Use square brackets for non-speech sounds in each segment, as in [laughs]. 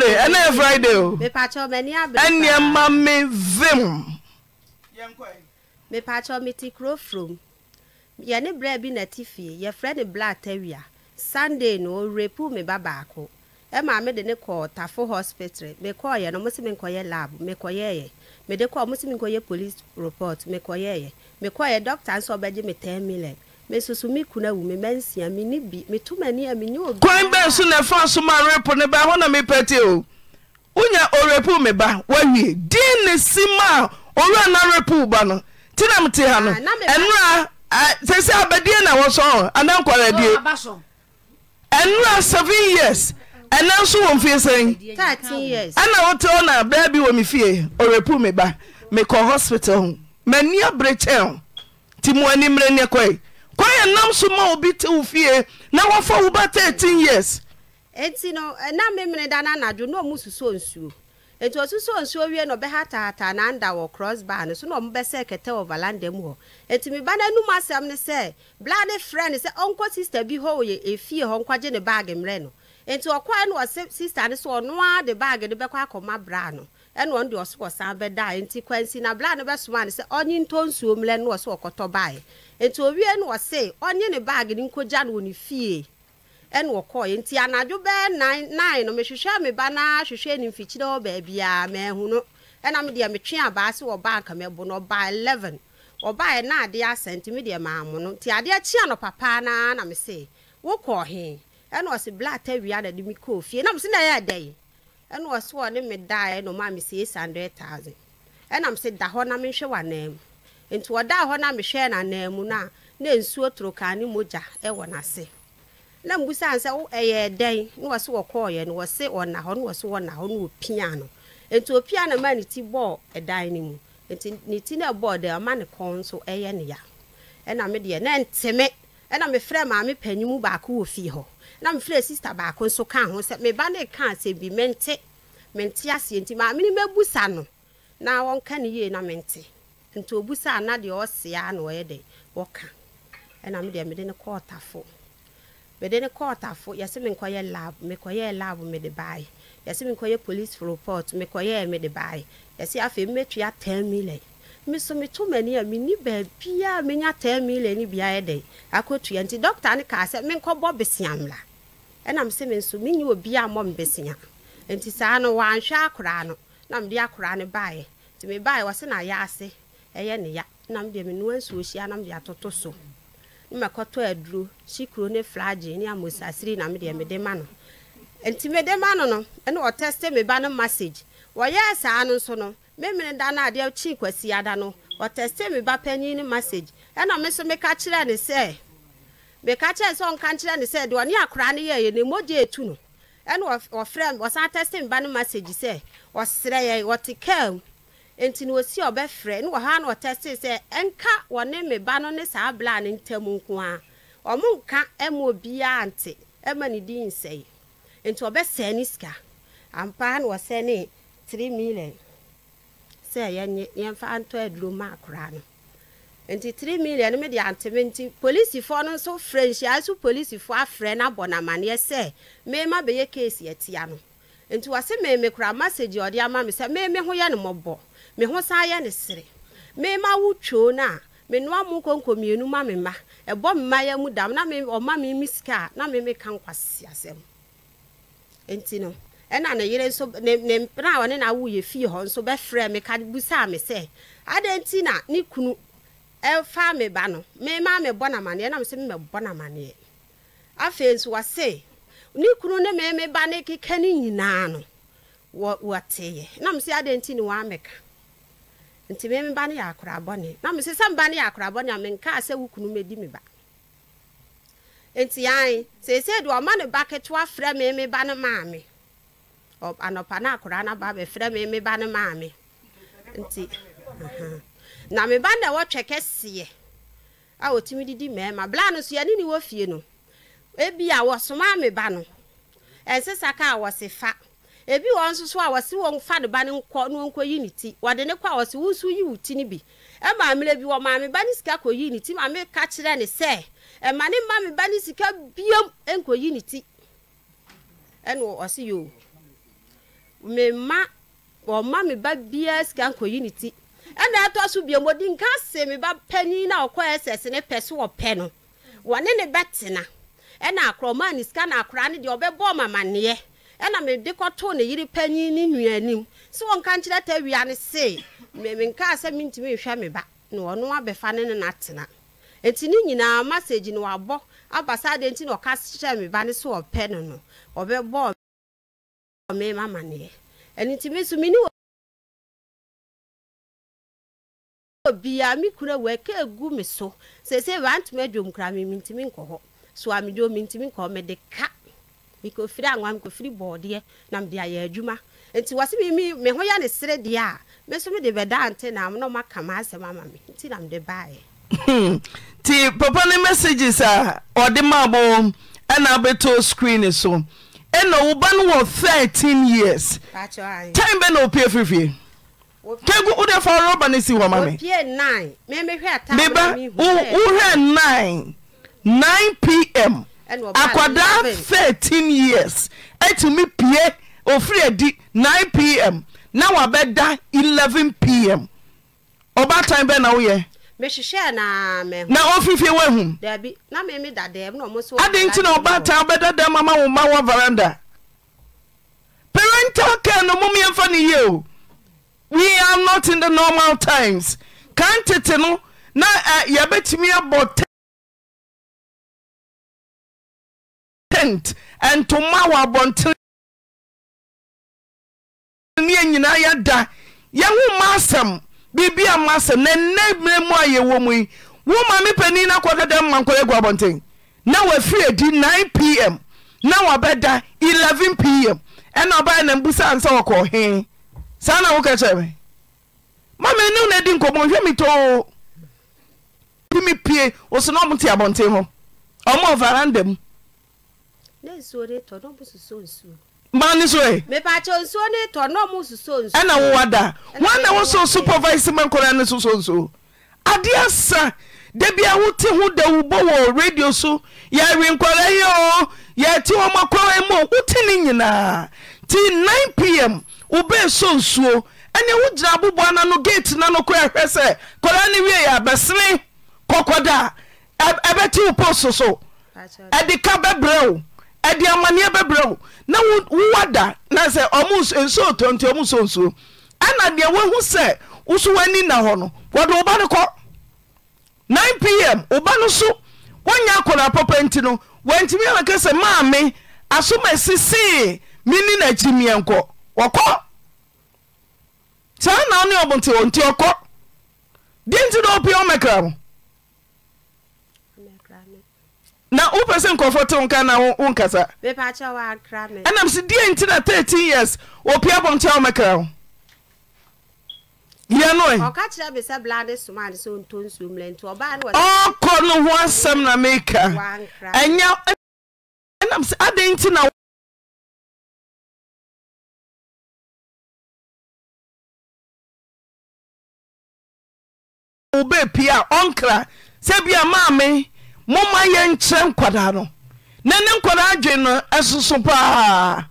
abere ɛnna yɛ friday o ɛnna mma mi vim. mepakyɛ mete kuro from yɛne berɛ bi na te fie yɛfrɛ ne blatawia sunday no ɔrepu me ba baako ɛma mede ne kɔɔ tafo hospital mekɔɔyɛ no mose menkɔyɛ lab mekɔyɛɛyɛ mede kɔɔ mose menkɔyɛ police report mekɔyɛɛyɛ mekɔɔyɛ doctor nso ɔbɛgye me 10 million kwan bɛso na fa so marepono ba hona mepɛtio wonya owrepu me ba waie di ne si m a ɔra naaerepo o ba no tinamte hanonss ah, abadiɛ nasn anakdi nra s yeas ɛna nso wofie sa ana woteɔna ba bi wo me fie owrepu me ba mekɔ hospital ho mania berekhɛho ti moanimeraniɛ kɔ yɛ nam so ma obi te wo fie na wɔfa wo ba 13 years nti no na memene da no na ɔmo susuo nsuo nti ɔsusuo nsuo wie na ɔbɛha taataa na anda wɔ cross bar no so na ɔmobɛsɛ kɛtɛ wɔ valanda mu hɔ nti meba no anum asɛm ne sɛ bla ne frɛ ne sɛ ɔnkɔ sister bi hɔ wɔ yɛ efie hɔ nkwagye ne baage mmerɛ no nti ɔkɔɛ no ɔse sister ne so ɔno a de baage no bɛkɔ akɔma bra no ɛna ɔno deɛ ɔso wɔsan bɛdaeɛ nti kwansi na bla no bɛsoma no sɛ ɔnye ntɔ nsuo mmerɛ no ɔso ɔkɔtɔ baeɛ nti owie no ɔse ɔnye ne baage nkogya no wɔ ne fie ɛna nti anadwo bɛɛ nan no mehwehwɛ me ba na hwehwɛ ne mfikyire hɔ baabiaa maahu no ɛna me deɛ metwe abaa se wɔbaa nka no ɔbaa na adeɛ asɛ nti me deɛ nti adeɛ kyea no papa naa na me se wokɔɔ he ɛna ɔse wia na de kɔɔ ɛna ɔsi wɔ ne me daeɛ na ɔmaa me six hundred thousand ɛna msi da hɔ na me nhwɛ wɔ anan mu nti ɔda hɔ na me hwɛ n'anan mu na na nsuo toro kaa ne mogya ɛwɔ n'ase na mbusa nsɛ ɛyɛ dɛn na wɔsi wɔ kɔɔyɛ no wɔsi ɔna hɔ na wɔsi wɔna hɔ na opia no nti opia no ma ne ti bɔɔ ɛdan no mu nti ne ti na bɔɔ dɛ ɔma ne kɔn nso ɛyɛ ne ya ɛna me deɛ na ntɛmɛ ɛna me frɛ maame panyin mu baako wɔ fie hɔ na mefrɛ sister baako nso ka ho sɛ meba ne ka asɛm bi mente mente aseɛ nti maame no busa no na wɔnka ne yie na mente nti busa na deɛ ɔsea na ɔyɛ dɛ wɔka ɛna me deɛ de ne kɔɔ mi de ne kɔɔ tafo mi menkɔyɛ lab mi mekɔyɛɛ lab mede baeɛ mi menkɔyɛ police report mi mekɔyɛɛ mede baeɛ yɛsɛ afei mɛtua 10 million meso meto m'ani a menni baabia menya 10 million ni biaeɛ dɛn akɔtua nti dɔkta ne kaa sɛ menkɔbɔ beseamla ɛnam sɛ me nso menyi obi a mmɔ mbesia nti saa no wanhwɛ akoraa no na mede akoraa no baeɛ nti mebaeɛ wɔ se na ayɛ ase ɛyɛ ne ya na mede menoa nsuo hyia na mede atoto so ne mɛkɔtɔ aduro sikuro ne flage ne amosasiri na mede mede ma no nti mede ma no no ɛne ɔtɛste me ba no message wɔyɛɛ saa no nso no memene da no adeɛ kyii kwasiada no ɔtɛste me ba panyin no message ɛna me so meka kyerɛ ne sɛ meka kyerɛ sɛ ɔnka nkyerɛ ne sɛ deɛ ɔne akoraa no yɛyɛ ne mogya ɛtu no ɛna ɔfrɛ ɔsan tɛste mba no masage sɛ ɔserɛ yɛ ɔte kaa mu nti na ɔsi ɔbɛfrɛ ne ɔha na ɔtɛste sɛ ɛnka ɔne me ba no ne saa blaa no ntam nko a ɔmo nka ɛma obiaa nte ɛma ne din nsɛe nti ɔbɛsɛe ne sika ampa na ɔsɛ ne 3 million sɛ yɛmfa ntɔ aduro ma akoraa no nti three million mi de anteme nti polisifoɔ no nso frɛ nhyia so polisifoɔ afrɛ n'abɔ n'amaneɛ sɛ mmarima bɛyɛ keesi ɛtia no nti wɔsi mmarima kura masagi ɔde ama mi sɛ mmarima ho yɛ no mɔbɔ me ho san yɛ no sere mmarima awotwo no a menoa mu konko mmienu ma me ma. ɛbɔ mma yɛ mu dam na me ɔma me mi sika na me me ka nkwasi asɛm nti no ɛna ne yere nso ne ne mpena a ɔne na awo yɛ fie hɔ nso bɛfrɛ me ka busa me sɛ adanti na ne kunu ɛfa me ba no mema mebɔ namaneɛ nam sɛ mmɛbɔ namaneɛ afei nso wɔse ne kunu ne me me ba ne keka ne nyinaa no wɔteeɛ nam sɛ adɛn nti ne wɔameka nti me me ba no yɛ akorabɔne nam sɛ sɛ mba no yɛ akorabɔne a menkaa sɛ wo kunu mɛdi me ba nti ae seesei deɛ ɔma ne ba ketewa frɛ me ba no maame anɔpa no no ba bɛfrɛ ba no nti uh -huh. na meba na wɔtwɛ kɛseɛ a wɔtumi didi mmarima blaa no so yɛne ne wɔ fie no ebi a wɔsoma meba no ɛnsesa ka a wɔse fa ebi wɔn nso so a wɔse wɔn fa ne ba ne nkɔ ne yi ne ti wɔde ne kɔ a wɔse wusu yi wuti ne bi ɛma bi wɔ maame ba ne sika kɔ yi ne yi ne ti ɛna ɛna ɛtɔ so bio mɔdi nka se me ba panyin na ɔkɔ ɛsɛs ne pɛ so ɔpɛ no wɔne ne bɛtena ɛna akora ɔmaa ne sika na akora ne deɛ ɔbɛbɔ ɔmamaneɛ ɛna mede kɔtoo ne yere panyin ne nua anim sɛ wɔnka nkyerɛ ta awia ne se menkaa sɛ mentumi nhwɛ me ba na ɔno abɛfa ne ne natena nti ne nyinaa masage no wabɔ aba saa deɛ nti na ɔka kyerɛ me ba ne sɛ ɔpɛ no no ɔbɛbɔ ɔmema amaneɛ ɛno nti me so mene obiara mi kura wɔ ɛka egu mi so sese rantumi adwom kura mi mi ntumi nkɔ hɔ soami dwom mi ntumi nkɔ hɔ mi de ka mi kò firi anwa mi kò firi bɔɔdeɛ na mi de ayɛ adwuma nti wɔsi mi mi mi ho yɛ ne sere deɛ a mi nso mi de bɛ da ante na na ɔmo aka ma asɛm ama mi nti na mi de ba. yɛ. Hmm. ti papa ne messages a ɔde ma bo ɛna abɛto screen so ɛna ɔwɔ ba no wɔ thirteen years time bɛ na opie fifie. kagu wode fa wreba no si hɔ ma memeba wo hrɛ 9n 9 pm akwadaa 13 years atumi pie ofiri adi 9 pm na waabɛda 11 pm ɔbatane bɛna woyɛ na ofinfie wo ahu adɛn nti na ɔbatan wɔbɛda da m ama wo mma wo varanda pɛre ntɛ w ka no mommiɛmfa no yio we ar not in the normal times ka n tete no na eh, yɛbɛtumi abɔ t tent ntoma a wɔ abɔntere ne ɛ nyinaa yɛda yɛho maasɛm biribi a m' sɛm naɛnnɛ mmirɛ mu ayɛwɔ mu yi wo ma nepɛni no kɔ ka dɛ ma nkɔrɛ gu abɔten na wafiri adi 9i pm na wabɛda 11 pm ɛna ɔbaɛ nambusaa an sa wɔkɔɔhee saa na woka kyerɛ me mamaanim na di nkɔmmɔ hwɛ metoo bi me pie wo so na ɔmote abɔnten hɔ ɔma ɔvaranda mu mane so e. ɛna wowada woana woso supervise ma nkɔraa ne soso nsuo adeɛ asa Debi bia ti ho da wobɔ wɔ radio so yɛawe nkɔra yi o yɛate wɔmakɔra mu o wote ne nyinaa nti 9pm wobɛɛ nso nsuo ɛneɛ wogyina aboboa abụba no gate na no kora hwɛ sɛ kɔraa ne wie yɛ ebe kɔkɔda a ɛbɛte wo poso so ɛde ka ɛde amanneɛ na wowada na sɛ ɔmnsuo tonti ɔmso nsuo ɛna deɛ woahu sɛ w'ani na hɔ no wɔde wo ba no kɔ 9pm wo ba no so nti no sɛ asoma sisee na akyirimiɛnkɔ ɔkɔ sa na ne benti ɔkɔ de nti na opia womɛkra ho na wopɛ sɛ nkɔfo tewowoaanam e ntina th years opia abtea womɛkra ho ankɔ no ho asɛm na meka ɔbɛ pie a ɔnkra sɛ bia maame momma yɛ nkyerɛ nkwadaa no na ne nkwadaa dwe no ɛsoso paa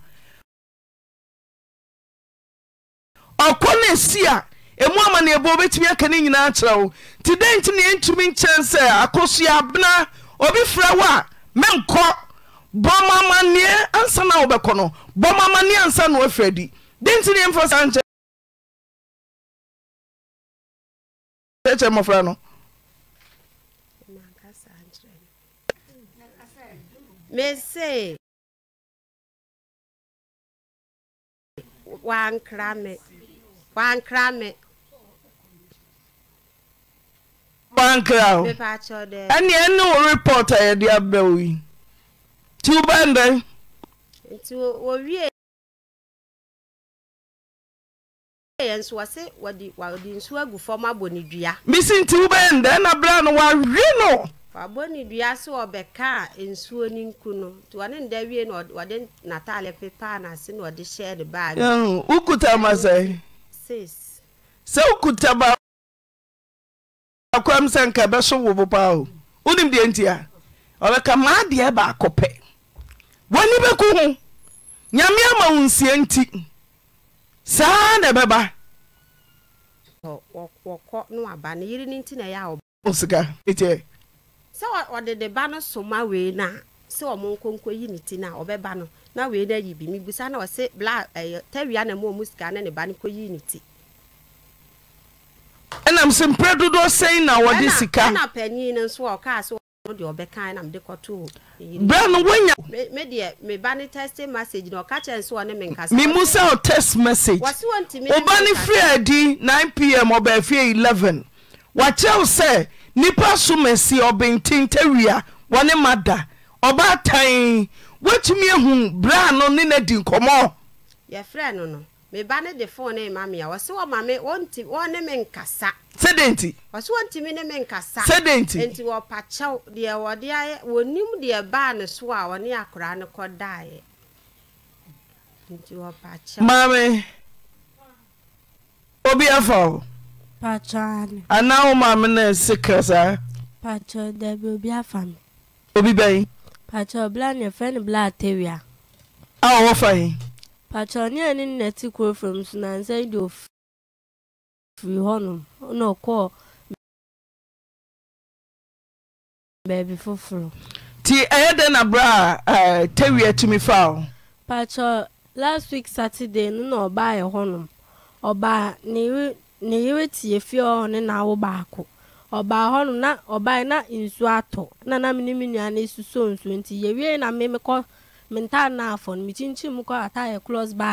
ɔkɔ na-esi a emu ɛmu amanneɛbɔ wobɛtumi aka ne nyinaa kyerɛ wo nti dɛn nti ne yɛntumi nkyɛn sɛ akosoaabena obi frɛ wo a menkɔ bɔm amanneɛ ansa na wobɛkɔ no bɔm amanneɛ ansa na wafirɛ di dɛn nti ne yɛmfa sa nkyɛ kyerɛ mmɔfra no mese wankra me wankra me bankra o ɛne ɛne wo report a yɛde abrɛ wo yi nti wobɛndɛn nti wɔwie mesi nti wobɛyɛ ndɛ naberɛ no wawe nowokutama sɛ sɛ wokutama akoam sɛ nka bɛso wo bo paa ho wonimdeɛ nti a ɔbɛka maa deɛ baakɔpɛ waani bɛku ho nyamea ma wo nsia nti saa na ɛbɛba osika ɛtiɛ sɛ ɔde de ba no soma wei no a sɛ ɔmo nkonko yi ne ti no a ɔbɛba no na wei no ayi bi mebusa na ɔse bla ɛyɛ tawia na mu ɔmu sika na ne ba no kɔyi ne ti ɛnam sɛ mpere dodoɔ sɛn na wɔde sika ɛna panyin no nso so bere no woaya memu sa ɔ test message oba ne fri adi 9pm ɔbaafi e 11 woakyerɛw sɛ nnipa so masie ɔbententa wia wɔne mada ɔbaatan woatumi ahu bere a no ne no di nkɔmmɔɔ sɛde nti ɔsɛ wɔntumi ne menkasa sɛde nti nti wɔpakyɛw deɛ wɔde ayɛ wɔnim deɛ baa ne so a wɔne akoraa no kɔdaeɛ nti wɔpakyɛw maame obi afa wo pakyɛane anaa wo maame no ɛsekra saa pakyɛ dabi obi afa me obi bɛn pakyɛ bla ne yɛfrɛ no bla atawia a wɔwɔ fa yi pakyɛ ne ɛne nnɛte kuro fam so nansɛ de ofi firi hɔnom na ɔkɔɔ baabi foforɔ nti ɛyɛ na a tawia tumi fa wo pakyɛ last week saturday no na ɔbaa yɛ hɔnom ɔbaa ne yere tie fie hɔ ne naawo baako ɔbaa hɔnom na ɔbaa na nsuo atɔ na ne nsuo nti yɛwie na no kɔ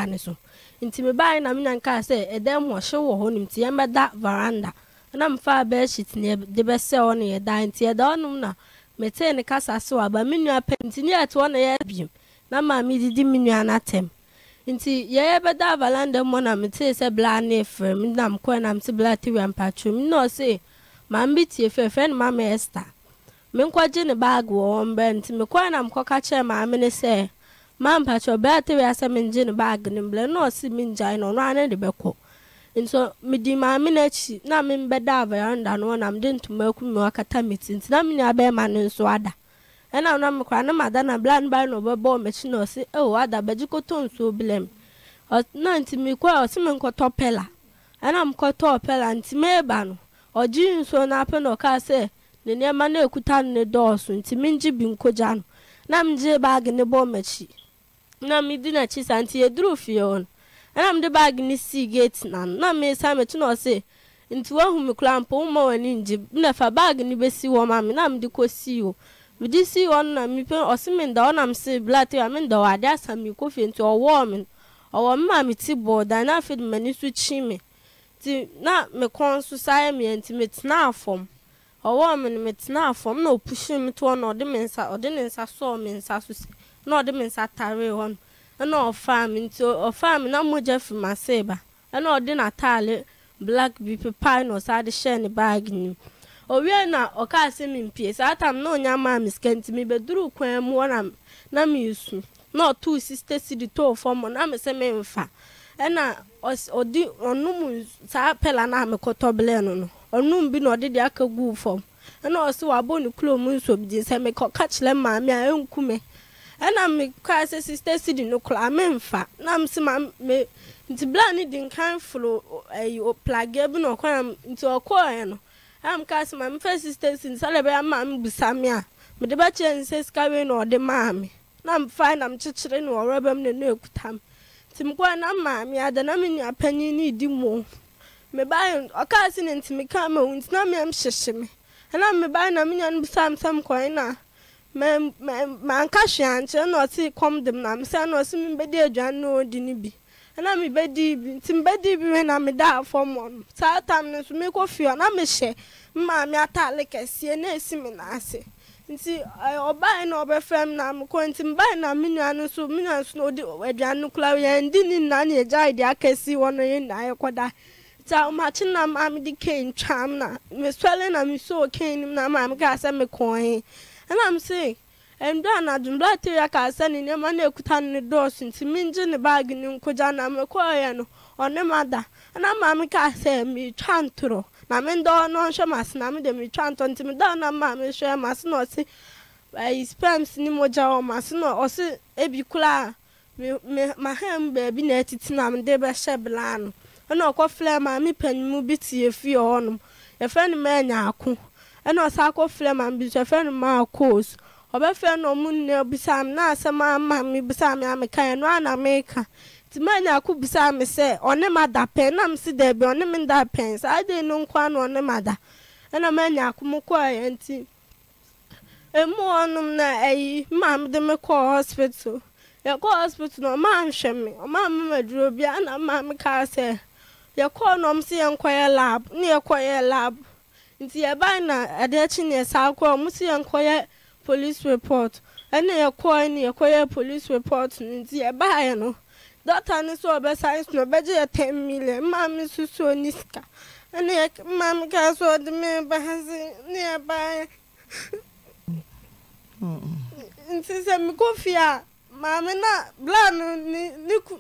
ne so nti mebaeɛ na menya nkaa sɛ ɛdan mu ɔhye wɔ hɔ nom nti yɛmmɛda varanda na mfaa bɛɛhyit ne yɛde bɛsɛ hɔ no yɛda nti yɛda hɔnom na metee ne kasa so aba me nua pɛ nti ne yɛte hɔ na yɛ biom na maame didi me nua no atɛm nti yɛyɛ bɛda varanda mu na metee sɛ blaa ne frɛ me nam kɔɛ nam te blaa te wia mpatwo mu na ɔse maame bi tie fɛ fɛ ne mama ɛsta menkɔgye ne baage wɔ hɔ mbrɛ nti mekɔɛ na mekɔka kyerɛ maame ne sɛ ma mpakyɛ ɔbɛɛ atewe asɛ mengye ne baage ne mblɛ na ɔse mengyae no ɔno ane de bɛkɔ nso mede maame no akyi na membɛda avaranda no na mede ntoma aku me wakata me ti nti na me nua no nso ada ɛna mekora ne mada na bla na na ɔse ada bɛgye kɔtɔ nsuo na nti mekɔ ɔse menkɔtɔ pɛla ɛna mekɔtɔɔ pɛla nti meeba no ɔgye nsuo no apɛ na ɔkaa sɛ ne nneɛma na medi n'akyi saa nti yɛduru fie hɔ no ɛna mede baage ne sii gate n'ano na mesan meto na ɔse nti woahu me koraa mpo woma w'ani ngye na fa baage no bɛsi hɔ ma me na mede kɔsii hɔ mede sii hɔ no na mepɛ ɔse menda hɔ nam se blate a menda hɔ ade asa mekɔ fie nti ɔwɔɔ me no ɔwɔ me ma mete bɔɔ dan na afei de m'ani so kyi me nti na me kɔn so saa yɛ meɛ nti metena afɔm ɔwɔɔ me no metena afɔm na opuhyɛ me to hɔ ɔde me nsa ɔde ne nsa sɔɔ me nsa so sɛ na ɔde me nsa taree hɔ no na ɔfaa nti ɔfaa me na mogya fi m'ase ba na ɔde n'ataale black bi na ɔsan de hyɛ ne baage nim owie na ɔkaa sɛ mempie saa tam na ɔnya maa sika nti kwan mu na na na sista si too fam na ɛna ɔnum saa pɛla na blɛ no no ɔnum bi na ɔde de aka fam ɛna wabɔ ne maame a ɛna mekaa sɛ si na mse ma me nti bla ne nkan foro ayi bi na ɔkɔ nti no ɛna ma mfa sister si nsa de bɛyɛ ma mebusa me a mede bɛkyerɛ ne sika wei na ɔde maa me na mfa na mkyekyere na ɔrɔba mu na no ekuta nti na maame ada na me nua panyin ne di mmom mebaayɛ ɔkaa se ne nti meka ma nti na me na me nua no sɛ na. manka hwea nkyerɛ na ɔte kɔm dem na mesɛ na ɔse mebɛdi aduane na ɔdi no bi ɛna mebɛdii bi nti mebɛdii bi na medaa fam hɔ no saa tam no nso mekɔ fie hɔ na mehyɛ maame atale kɛseɛ na ɛsi me naase nti ɔbae na ɔbɛfrɛ m na mekɔ nti mbae na me nua no nso me nua nso na ɔdi aduane no kora yɛndi ne nna ne yɛgyae de akɛsi hɔ no yɛ nna yɛkɔda ta makye na maame de kane twam na mesɔre na mesoo no na sɛ ɛna m si ndɔ a na dwombra sɛ ne nneɛma no ɛkuta oh, oh, uh, no ne dɔɔso nti mengye ne baage ne nkogya na mekɔɔyɛ no ɔne ma da na maame kaa sɛ meretwa ntorɔ na no ɔnhwɛ mase na mede meretwa ntorɔ nti meda na mehwɛ mase na ɔse spams ne mogya wɔ mase na ɔse baabi na atiti na mede bɛhyɛ belaa no ɛna ɔkɔfrɛ panimu bi hɔnom yɛfrɛ no ma ɛna ɔsa akɔ frɛ ma bisɛfɛ no maa kos ɔbɛfrɛ no ɔmo nna bisa me na asɛm ama me bisa me ka ɛno ana meka nti maanya ko bisa me sɛ ɔne ma da pɛn na me se daabi ɔne me da pɛn saa de no nko ano ɔne ma da ɛna maanya ko mo kɔɔ yɛ nti emu ɔnom na ɛyi maame de me kɔɔ hospital yɛkɔ hospital na ɔmaa nhwɛ me ɔmaa me maduro bia na maame kaa sɛ yɛkɔɔ na ɔmo se yɛnkɔyɛ lab ne yɛkɔyɛ lab nti yɛbae na ade akyi ne yɛsaa kɔɔ mo se yɛnkɔyɛ police report ɛne yɛkɔɔ ne yɛkɔyɛ police report no nti yɛbaeɛ no dɔkta no sɛ ya no ɔbɛgye yɛ 10 million maa so so sika ɔde ne nti sɛ maame na ne ne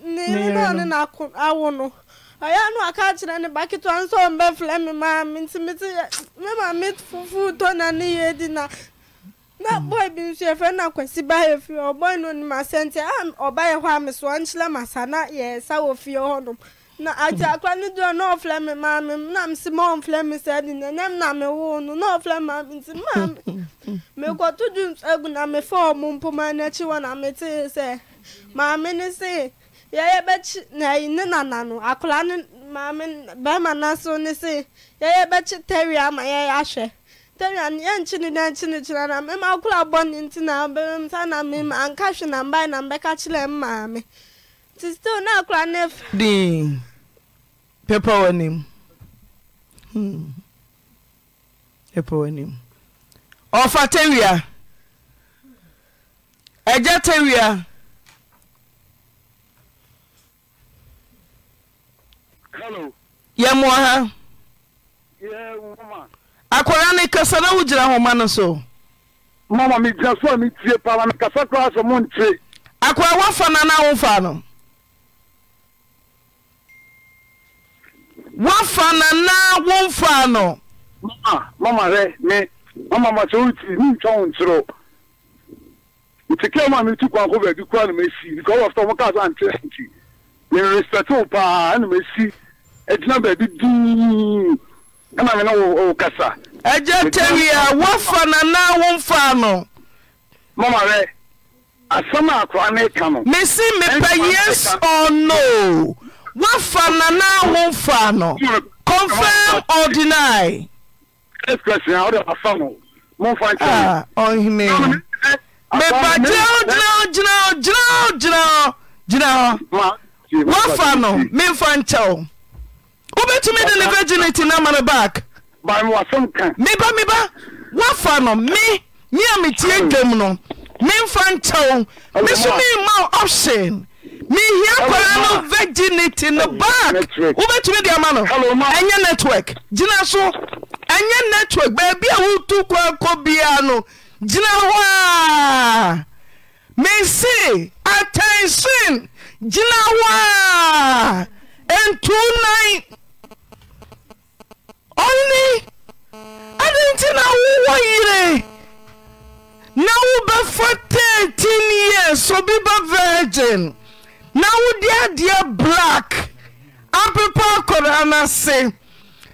ne ne na awo no ɔyɛ no aka kyerɛ ne baketewa nso ɔmbɛfrɛ me maame nti mete me maame fufu tɔ na ne yɛ di na na boy bi nso efe na akwasi ba yɛ fie hɔ boy no nim asɛ nti a ɔba yɛ hɔ a me so ɔnkyerɛ ma sa na yɛsa wɔ fie hɔ nom na ati akwa ne dua na ɔfrɛ me maame na msi ma ɔmfrɛ me sɛ de na nyam na mewoo no na ɔfrɛ maame nti maame [laughs] mekɔto dwom egu na mefɛ ɔmo mpoma n'akyi hɔ na metee sɛ maame ne se yɛyɛ bɛkyi nayi ne nana no akwadaa ne maame bɛrima nanso ne se yɛyɛ bɛkyi tɛwia ama yɛyɛ ahwɛ tɛwia no yɛnkyi ne dɛn ne kyerɛ na mɛma akwadaa bɔ ne nti na bɛrɛ nsa na mɛma anka hwɛ na mbae na mbɛka kyerɛ maame ti still na akwadaa ne fa. din Pepa wɔ anim hmm. pɛpɛ wɔ anim ɔfa tɛwia ɛgya tɛwia. yɛmmoa ha akwara ne kasa na wogyina homa no so mama megyina so a metie paa mekasa koraa sɛ monte akwara Wafa na na womfaa no Wafa na na womfaa no mama mama hɛ me mama masɛ woti mentwa wo nkyerɛ nti kɛ ma metu kwankɔ baabi koraa na masi because of tɔ mo kaa so ankyerɛ nti merespect wo paa ɛna esi. ɛgyina baabi duu ɛna mene wo kasa agya tari a woafa nanaa womfaa no mamarɛ asɛm a akora ne ka no mesi mepɛ yes or no woafa nanaa womfaa no confirm or deny ɔhene mepa gyina gyina gyina gyina gyina hɔ woafa no ah, oh, memfa eh, nkyɛw wobɛtumi de ne virginity no ama no bak mebame ba wofa no me yea metie dwom no memfa nkyɛwo me so memmaw option mehia kara no virginity no back wobɛtumi de ama no ɛnyɛ network gyina so ɛnyɛ network baabi a worto kwakɔ biara no gyina hɔ a mesi attension gyina hɔ a ntooni adeɛ black apepa akɔdaa no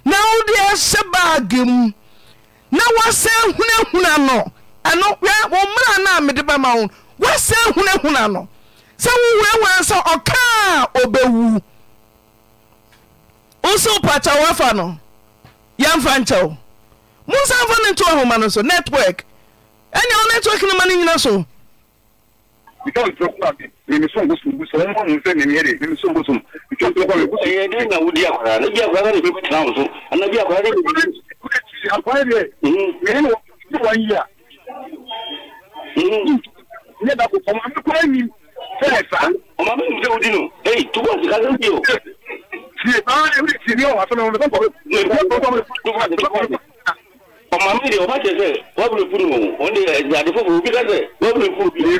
na ụdị hyɛ baage mu na woasɛn hunahuna no ɛno na a mede bɛma wo woasɛn hunahuna no sɛ wohunahuna sɛ ɔkaa obɛwu woso wopakya woafa no yɛmfa nkyɛwo monsa mfa no nto ahoma no so network so mimisun gusum gusum wọn mun fɛ nin ye de mimisun gusum itɔn tɛ kɔmi gusum. ɛɛ ne na wuli akɔrɔ ne bi akɔrɔ ne bɛ tina muso ana bi akɔrɔ ne bɛ tina. akɔrɔ de mɛ ne ne wa yi ya. ne ba ko ɔmɔ mi kura mi fɛn sa. ɔmɔ mi muso di nu ee tuba sika ló di o. tiɲɛ aa e bɛ tiɲɛ o wa fɛnɛ o bɛ kɔmi. ɔmɔ mi de o ma cɛ sɛ wa bolo furu o o de ɛ jaabi fɔ o bi ka sɛ wa bolo furu bi.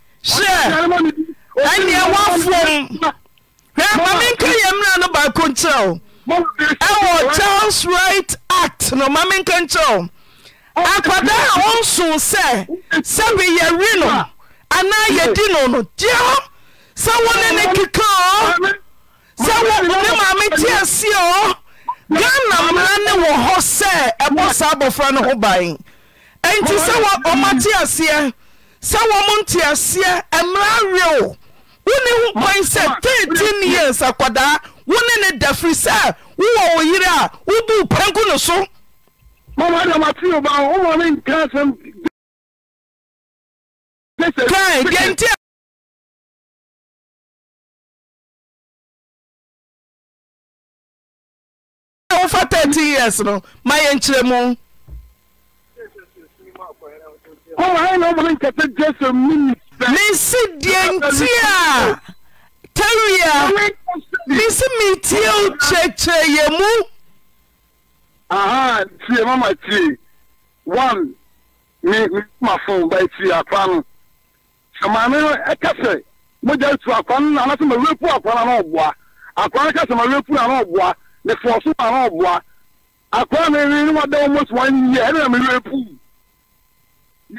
hyɛ ɛneɛ woafom hwɛ mame nka yɛ mmera no baako nkyerɛw ɛwɔ charles right act no mame nka nkyerɛw akwadaa a ɔnso sɛ sɛbe yɛwe no anaa yɛdi no no deɛ hɔ sɛ wo ne ne keka ɔ sɛ wo ne maame te aseɛ ɔ ghana mmara ne wɔ hɔ sɛ ɛbɔ saa abɔfra no ho ban ɛnti sɛ ɔmate aseɛ sɛ wɔ mo nteaseɛ mmara werɛ o wone ho kwan sɛ 13 years akwadaa wone ne dafiri sɛ wowɔ wo yere a wobuu panku no so kan genti a wofa 13 years no ma yɛ nkyerɛ mu wọn wà ayé na wọn nkata jésù mi ni. mi si die nti a tẹwia mi si mi tie o kyerɛkyerɛ yɛ mu. aha tie mama tie one mi mi ma fún ba tie akwa no maame no ɛka sɛ mo gya tu akwa no na anasɛ ma wepu akwa no na ɔboa akwa no ka sɛ ma wepu na na ɔboa ne fɔso na na ɔboa akwa no eri ne ma da wɔn mo so wɔn yie ɛna ma wepu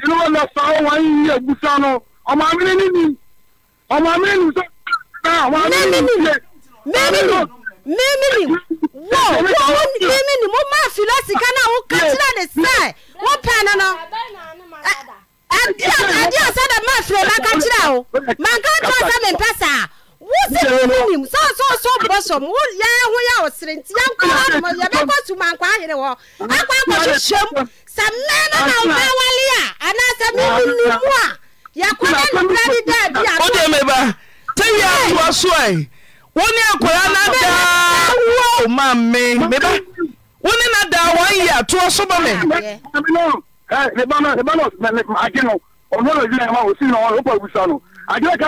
yìnyín lọ sọ ọ wọn yìí ẹgbùsọ nù ọmọ amínú nìyí ọmọ amínú nìyí sọ ọmọ amínú nìyí mímìlì mímìlì wọ wọ wọ mímìlì mo máa fi lọ́sìn kan náà wọ́n kẹ́tìlá ní sẹ́ẹ̀ wọ́n pẹ́ ẹ̀ nínú adi adi asada máa fi lè máa kẹ́tìlá o màá kẹ́tìlá sẹ́mi pẹ́ sáà wusi nnunim saa so so bɔsɔm wo yɛn ho yɛ ɔsere nti yɛn kɔ hɔ nom yɛ bɛkɔ suma nkɔ ahere hɔ akɔ akɔ hyehyɛm sɛ mmɛn no na ɔbɛ wale a anaasɛ mímu nnumu a yɛkɔ yɛ nnukura di dɛ bi a. o de mi ba tẹ́yì àtúwọ́ so ẹ̀ wọ́n ní akọ̀yà náà dáa wọ́ọ̀ máa mi mi bá wọ́n ní náà dáa wọ́n yẹ àtúwọ́ so bọ́ mi. ẹ bá náà ẹ bá náà àjẹ́ nù ọ̀nà ọ̀nà ìdílé ẹ̀ máa ò sí náà ọ̀nà ó pọ̀ ìwúsà nù àjẹ́ ká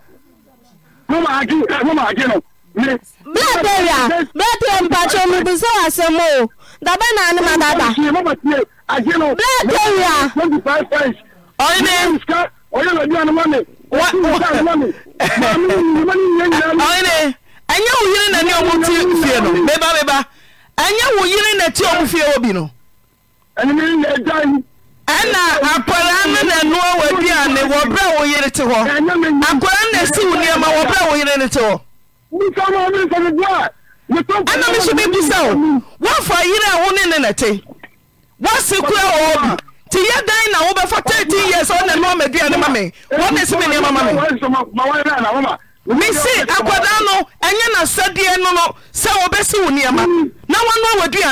mo máa kí mo máa kí nù. bẹ́ẹ̀ bẹ̀rẹ̀ à bẹ́ẹ̀ tẹ̀ mpàtó mi bí sọ́wọ́ àṣẹm o dàbẹ́ náà ni màá dàbà. bẹ́ẹ̀ bẹ̀rẹ̀ à. ọ̀rẹ́ mi. ọ̀rẹ́ mi ọ̀dí ànumọ́ mi. ọ̀rẹ́ mi ẹ̀yẹ́ wò yiri nàní ọmọ tí fìyẹ nù bẹ́ẹ̀ bá bẹ́ẹ̀ bá ẹ̀yẹ́ wò yiri nàní ọmọ fìyẹ wò bì nù. ẹni mi ń lè dá yìí. ɛna awaa no na ɛna ne oereea n wo nrɛyer e hɔ ɛna meso miu sa wo woafa yere a hone ne nɛte woase koa ɔɔbi ti yɛ dan na wobɛfɔ 3 yeas ɔneɛnaaane ma m ne sm nno a mese akwada no ɛnyɛ n'asadeɛ no no sɛ wɔbɛsi wo nneɔma na wnoa wane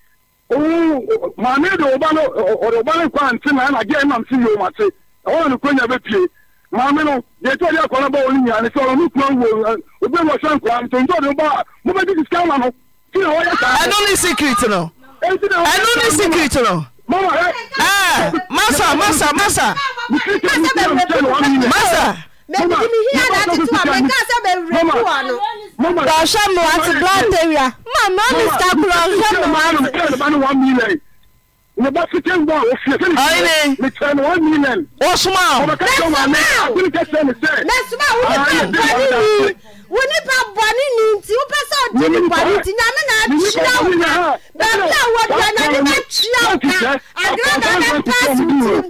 maame de ɔba no ɔde ɔba no kɔ ante na ɛna gye ɛnam si yom ase ɛwɔ no kuro nya bɛpie maame no deɛ ɛtɔ de akɔ no ba wɔn nyinaa ne sɛ ɔno kuro wo obi wɔ hyɛ nkura nto nto de ba mo bɛ didi sika no ti na wɔyɛ saa. ɛno ne secret no ɛno ne secret no. mama ɛ. ɛɛ masa masa masa. masa mẹbi di mi hi ada titi wa mi ka sẹ bẹ wúre kú wa nù. dọ̀ṣẹ́ mu àti blunt area màmá mi sá kúrò ọ̀ṣẹ́ mu àti. Nyɛ bá fitɛ ń bọ̀ àwọn fiye sẹ́ni sẹ́ni mi tẹ̀ ní one million. O suma o. Ọmọ kẹ́kẹ́ wà ní àbúrò kẹ́sẹ̀ ní sẹ́. Mẹ suma wo nípa bọ̀ní ni wo nípa bọ̀ní ni ti wo pẹ́sẹ́ òdi ni bọ̀ní ti ní àmì náà tíra o kan bẹ́ẹ̀ bí àwọn ọ̀dọ́ náà ní bá tíra o kan àgbẹ̀rẹ̀ náà ní pẹ́sì tì.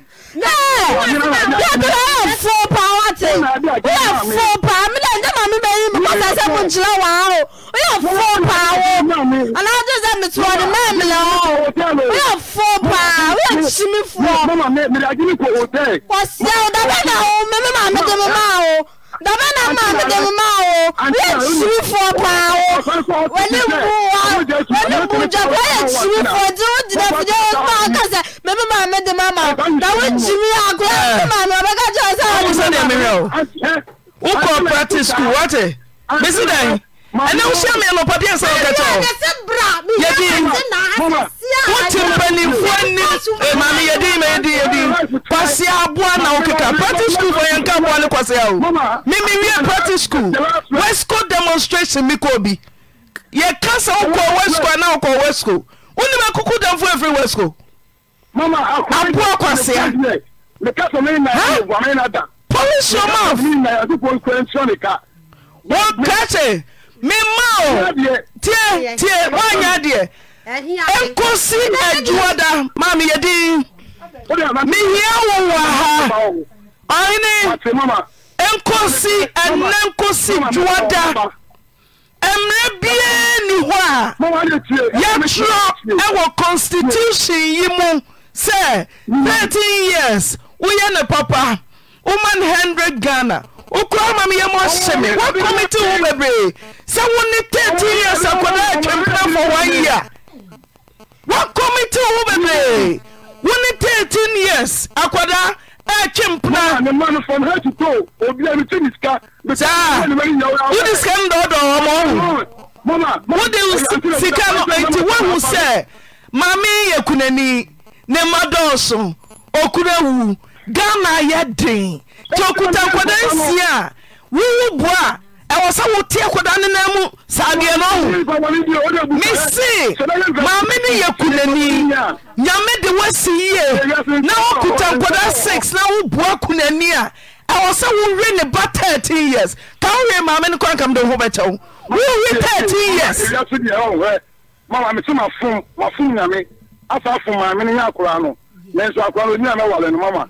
Yeah, you have four power thing. We have four power. Me then just mami bayi because I said bunchila wow. We have four power. And I just said me twa the man me lao. We have four power. We have shimi four. Mama me me I give you hotel. What's that? That one na o me me mami de mama o dɔbɛ na maa mi dɛm ma o yɛ kyirifoɔ paa o wɔne mu wa wɔne mu gya ko yɛ kyirifoɔ di o gyina fidie o ma kasa mɛ mi maa mi dɛm ama o na o jimi akora mi mi ɔbɛka kyerɛ sɛ mi rɛ o practice school wɔte bisi dɛn ɛne wohyɛ me anɔpa bia sɛ wokɛtɛ wote mpanimfoɔ anim mame yɛdin ma yɛdin yɛdin kwase aboa na wokeka practice school fɔ yɛnka aboa ne kwase a o memewie practice school wesco demonstration me kɔɔ bi yɛka sɛ wokɔɔ wesco ana wokɔɔ wesco wone bɛkoko damfo afiri wesco aboa kwasea polish your mouth wɔka kyɛ memma oiti woanya deɛ ɛnkɔsi adwoada maa meyɛdinn mehia wowɔ aha ɔhene ɛnkɔsi ɛna nkɔsi dwoa da mmerɛ biaa nni hɔ a yɛtyerɛ wɔ constitution yi mu sɛ 3 years woyɛ ne papa oman handred ghana wokura ma meyɛ mɔ hye me woakɔmete wo bebree sɛ wo ni tete years akwadaa atwampena fɔ one year woakɔmete wo bebree wo ne thirteen years akwadaa ɛtwe mpena saa wode sika no dɔɔdɔɔ ɔma ɔhu wode sika no nti woahu sɛ maame yɛ kunani ne mma dɔɔso ɔkuna wu ghana yɛ den nti okuta nkɔda nsie a wowo boa a ɛwɔ sɛ wote akɔda ne nan mu saa adeɛ no hu mese maame ne yɛ kunani nyame de woasi yie na wokuta nkɔda six na woboa kunani a ɛwɔ sɛ wowe ne ba 13 years ka wowe maame no kɔ ankam de ho bɛkyɛ wo wowe 13 years mama mi sọ ma fún ma fún nyame afa fún maame ni nyakura no nanso akura no ni wà lẹnu mama.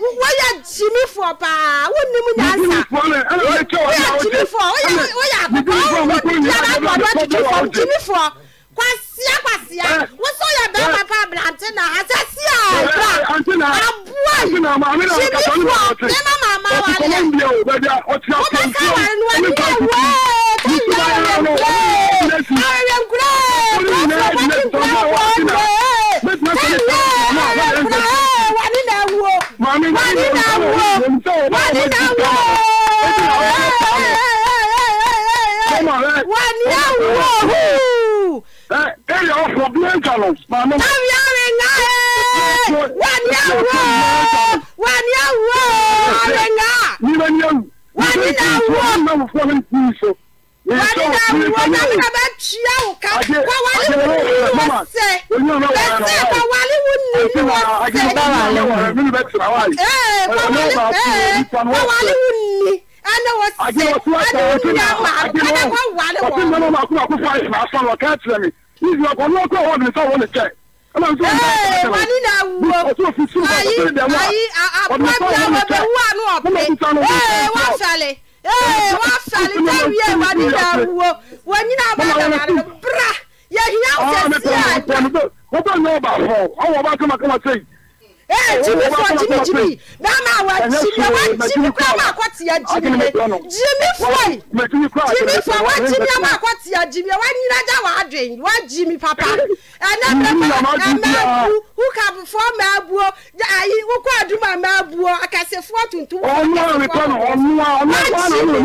woyɛ gyimifoɔ paa wonnim nyansa woyɛ gyimifoɔ woyɛ akɔkɔdɔtwitwi fam gyimifoɔ kwasia kwasia wosɛ woyɛ bɛrima pa abrante na asɛsi a ɛbra aboa gyimifoɔ mema mama wareɛ wobɛka ware no wani awee wọ́n ní dáwọ́ wọ́n ní dáwọ́ ẹ̀yẹ ọ̀fọ̀ bí ẹ̀ jà lọ. tábí àrè ńlá ẹ̀ wà ní àwọ̀ wà ní àwọ̀ àrè ńlá. wà ní àwọ̀ wani da wani mi na bɛ tia o kan wa wali wu ni wa sɛ bɛtɛ ka wali wu ni wa sɛ ka wali wu ni ka wali wu ni ɛna wɔ se ɛna wu ni a ma ɛna wɔ wali wɔ. ɔtí nínú ma kúrò àkókò àyè máa sọ ọ kẹ́ẹ̀ tiẹ̀ mi ìdí ọkọ̀ ní ọkọ̀ ọ̀hún nìkan wọ́n ní kẹ́ ee wani na wo ayi ayi abúlé bí a ma bẹ wú àánú ọ̀pẹ ee wọ́n sálẹ̀. wasaa a war a 好 a ee Jimmy fọ jimi jimi n'ama awa Jimmy, wa jimi kọ ama akọ tia Jimmy ye jimi fọ yi jimi fọ wa jimi ama akọ tia jimi ye wa nyinaja wa adwen wa jimi papa ɛnɛ mɛma ɛmɛbu hukabufo mɛbuo ayi wukɔ aduma mɛbuo akasefo tuntum wajimi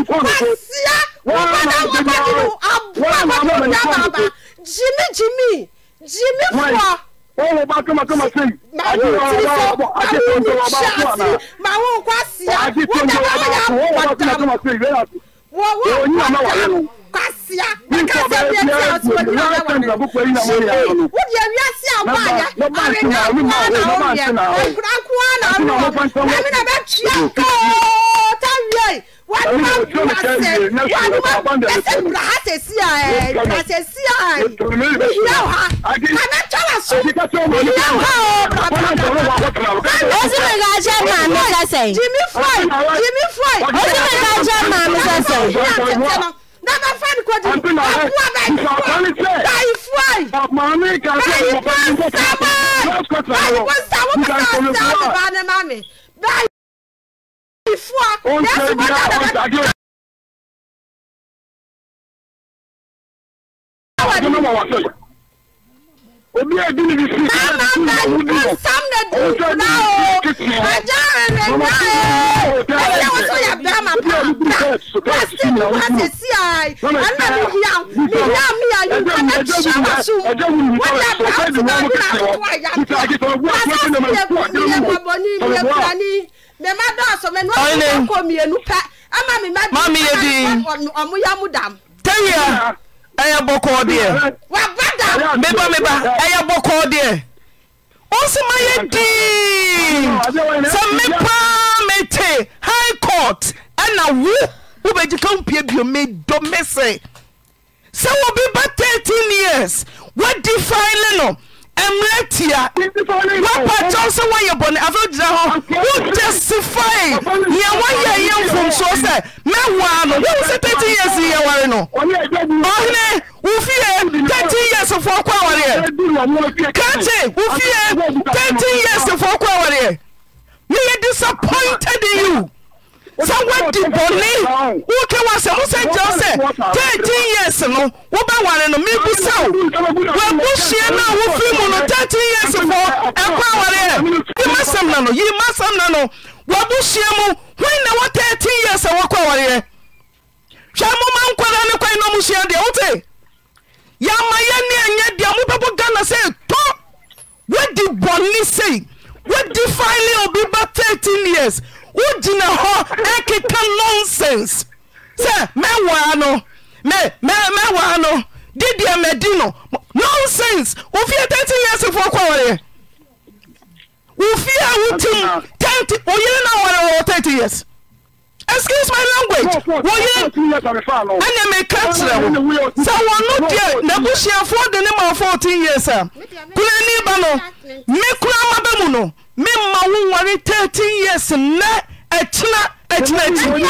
wasia wabana wabadinu abu abadu dababa jimi jimi jimi fọ wọn bá kama kama sẹyìn. màá wù tí sọ àwọn ní ṣáàtì màá wù kó àsìá wọn dà bá yà pàtàkì wọ́n wọ́n pàtàkì kó àsìá kàkà sẹ́bi ẹ̀ tí a sọ pé kí wọ́n wà ní. ṣíbí wọ́n di ẹ̀rí ẹ̀sì àwọn àyà àrìnà kó àná òun yẹ ẹ̀kúrà kó àná òun yẹ ẹ̀mí náà bẹ́ẹ̀ tí a kọ́ ọ́ waduma ase waduma ɛsɛ bra ha sɛsi a ɛ bra sɛsi a yɛ ha kana tɔla so yɛ ha o bra bra bra bra. osimi ka jɛ maami sɛsɛ. jimi foyi jimi foyi. osimi ka jɛ maami sɛsɛ. Nana fɛn ko di, a kuwa da yi fuwa, da yi fuwa, da yi fuwa sama, a yi fuwa sama, ka sama ba ne ma mi, da yi fua yesu bɔ ta dɛmɛ. obi a ebi ni bi si ka tu na wu di wɔ o sɛ ni bi ti tiɲɛ wɔ mama ti na wɔ o tɛ yɛ bɛn ma pa pa si mi ma se si a ye ɛna mi hiya mi hiya mi ya yi ma ne si ma su o yɛ bɛn ti na yi na ko a ya pa pa si mi ma bɔ ni mi yɛ kura ni mema dɔɔso mɛ nua ko mienu pɛ ama mi ma di ma mi yɛ di ɔmu yɛ mu dam. tẹ́yà ɛyɛ bɔ kɔɔ deɛ. wà bá dam. mi ba mi ba ɛyɛ bɔ kɔɔ deɛ. ó sì máa yẹ dii sɛ mi paa mi te high court ɛna wo wo bɛ jika wo pie bio mi dɔ mi sɛ sɛ wo bi ba thirteen years wɔ di faili no mmerɛ tia woapatɔ sɛ woayɛ bɔne afei gyina hɔ wojustify nea woayɛ yɛ mfomsoɔ sɛ mɛwaa no wowu sɛ 13 years yɛware no ɔhene wofie 13 years foɔ kɔ awareɛ kakye wofie 13 years foɔ kɔ awareɛ meyɛ disappointed in you sɛ woadi bɔne woke wa sɛ wosɛ gya wo sɛ 13 years no wobɛware no mebu sɛ wo wabusua no a wofiri mu no 13 years fɔ ɛkɔ awareɛ yimasɛm na no yimasɛm na no wabusua mu hwan na wɔ 13 years a wɔkɔ awareɛ hwɛ moma nkwada ne kwan na ɔmusua deɛ wote yɛama yɛne anyɛ deɛ mobɛbɔ ghana sɛ tɔ woadi bɔne sei wodi file obi ba 13 years wogyina hɔ ɛkeka nonsense sɛ mɛwaa no mɛwaa no didiɛ madi no nonsense wofie 30 yearsfoɔ kɔwareɛ wofie a wotim 30 oyere no aware wɔwɔ 30 years excuse my language wɔyere ɛnɛ meka kyerɛ wo sɛ wɔno deɛ n'abusuafoɔ de ne ma 14 years a kurani ba no me kura ma bɛ mu no me mma wo wane 13 yeas nnɛ akyena akyena agyi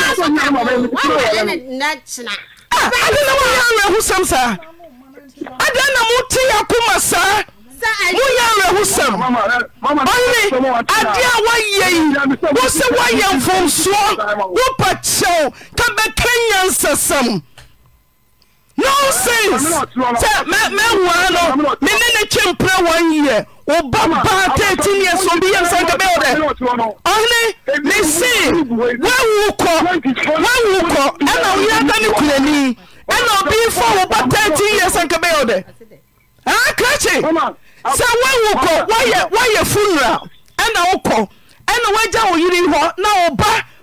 ada na moyɛ awerɛ hosɛm saa ada na mote ako ma saamoyɛ awerɛhosɛm ɔhome adeɛ a woayɛi wo sɛ woayɛ mfomsoɔ wo pa kyɛwo ka bɛka nya nsasɛm nonsense sɛ mɛwura no me ne ne kye mpere wɔn yɛ ɔba baa thirteen years obi yɛ nsa nkɛmɛ yɛ dɛ ɔhene ne se wawu kɔ wawu kɔ ɛna oyɛ ada ne kurani ɛna obi fɔ ɔba thirteen years nkɛmɛ yɛ dɛ ɛna krakye sɛ wawu kɔ wayɛ wayɛ funra ɛna wokɔ ɛna wagya wɔ yiri hɔ na ɔba.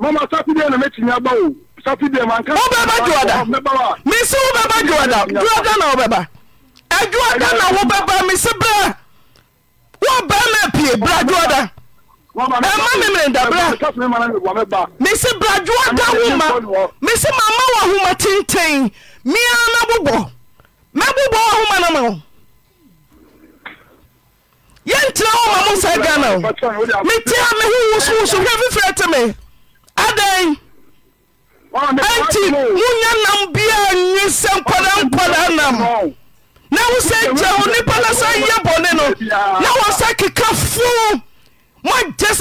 s ra mpie bra udamamdaamese bra uada ma mese mma huma tenten mina bobo me bobo uma nmtra s adɛn anti monya nam biaa nwi sɛ nkɔda nkɔda nam na wo sɛ gya wo nnipa na sa yɛ bɔne no na wɔ sa keka foo moagye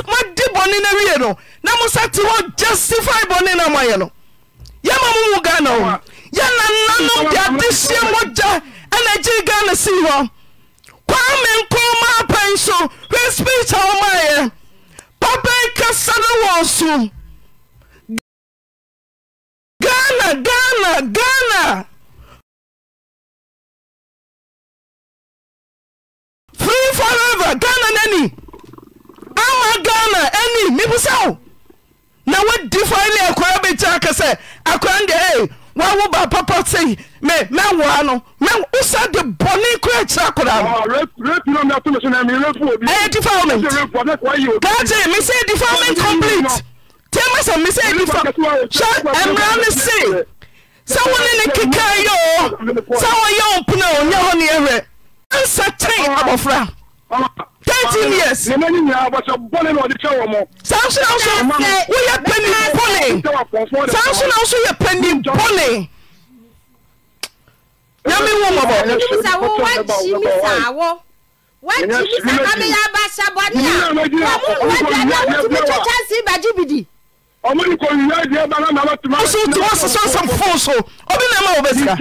bɔne no wie no na mo sa te hɔ justify bɔne no moayɛ no yɛma mo mu ghana o yɛnananom de adehyeɛ mmɔgya ɛna gyee ghana sii hɔ kwaa me nkɔmaa pan so hwɛ speech a wɔmaayɛ papa kasa no wɔ so Ghana, Ghana, Ghana. Free forever, Ghana nani. Ama Ghana ani mibusaw. Na wadi faili akwara bɛkyi aka sɛ akwara deɛ ee wawo ba papa sei mɛ mɛwoa no mɛ wosa de bɔne kora kyerɛ akora no. ɛyɛ defilement. Gaa gye me say defilement ah, complete. tẹ́lẹ̀ sọ mi sẹ́ ẹni fa ṣe ẹ̀mìrán ni sè sẹ́ wọ́n ní ní kíkà yẹ o sẹ́ wọ́n yẹ òun pinna òun yẹ wọ́n ní ẹ̀rẹ̀ ẹ̀ ń sẹ́ tẹ́lẹ̀ abọ́fra thirteen years. ní mẹ́rin ni abọ́sọ bọ́ọ̀lù náà ọdí tẹ́ wọ̀ mọ́. samson also wọ́n yẹ pẹ́ni bọ́ọ̀lì samson also yẹ pẹ́ni bọ́ọ̀lì. nyami wọ́n mọ̀ bọ̀. mísà wo wá jí mísà wọ́ wá jí mísà kámi yá bá ṣàbọ̀ níyà wọ́n mú wọ́n jẹ́ náà wọ́n tún bí tó ọmọ ní kò yíyá di ẹgbẹ náà nàbà tìmọ. ọsùn tí wọ́n sísọ sẹ́ǹfọ́n so obi náà ma wọ bẹ sika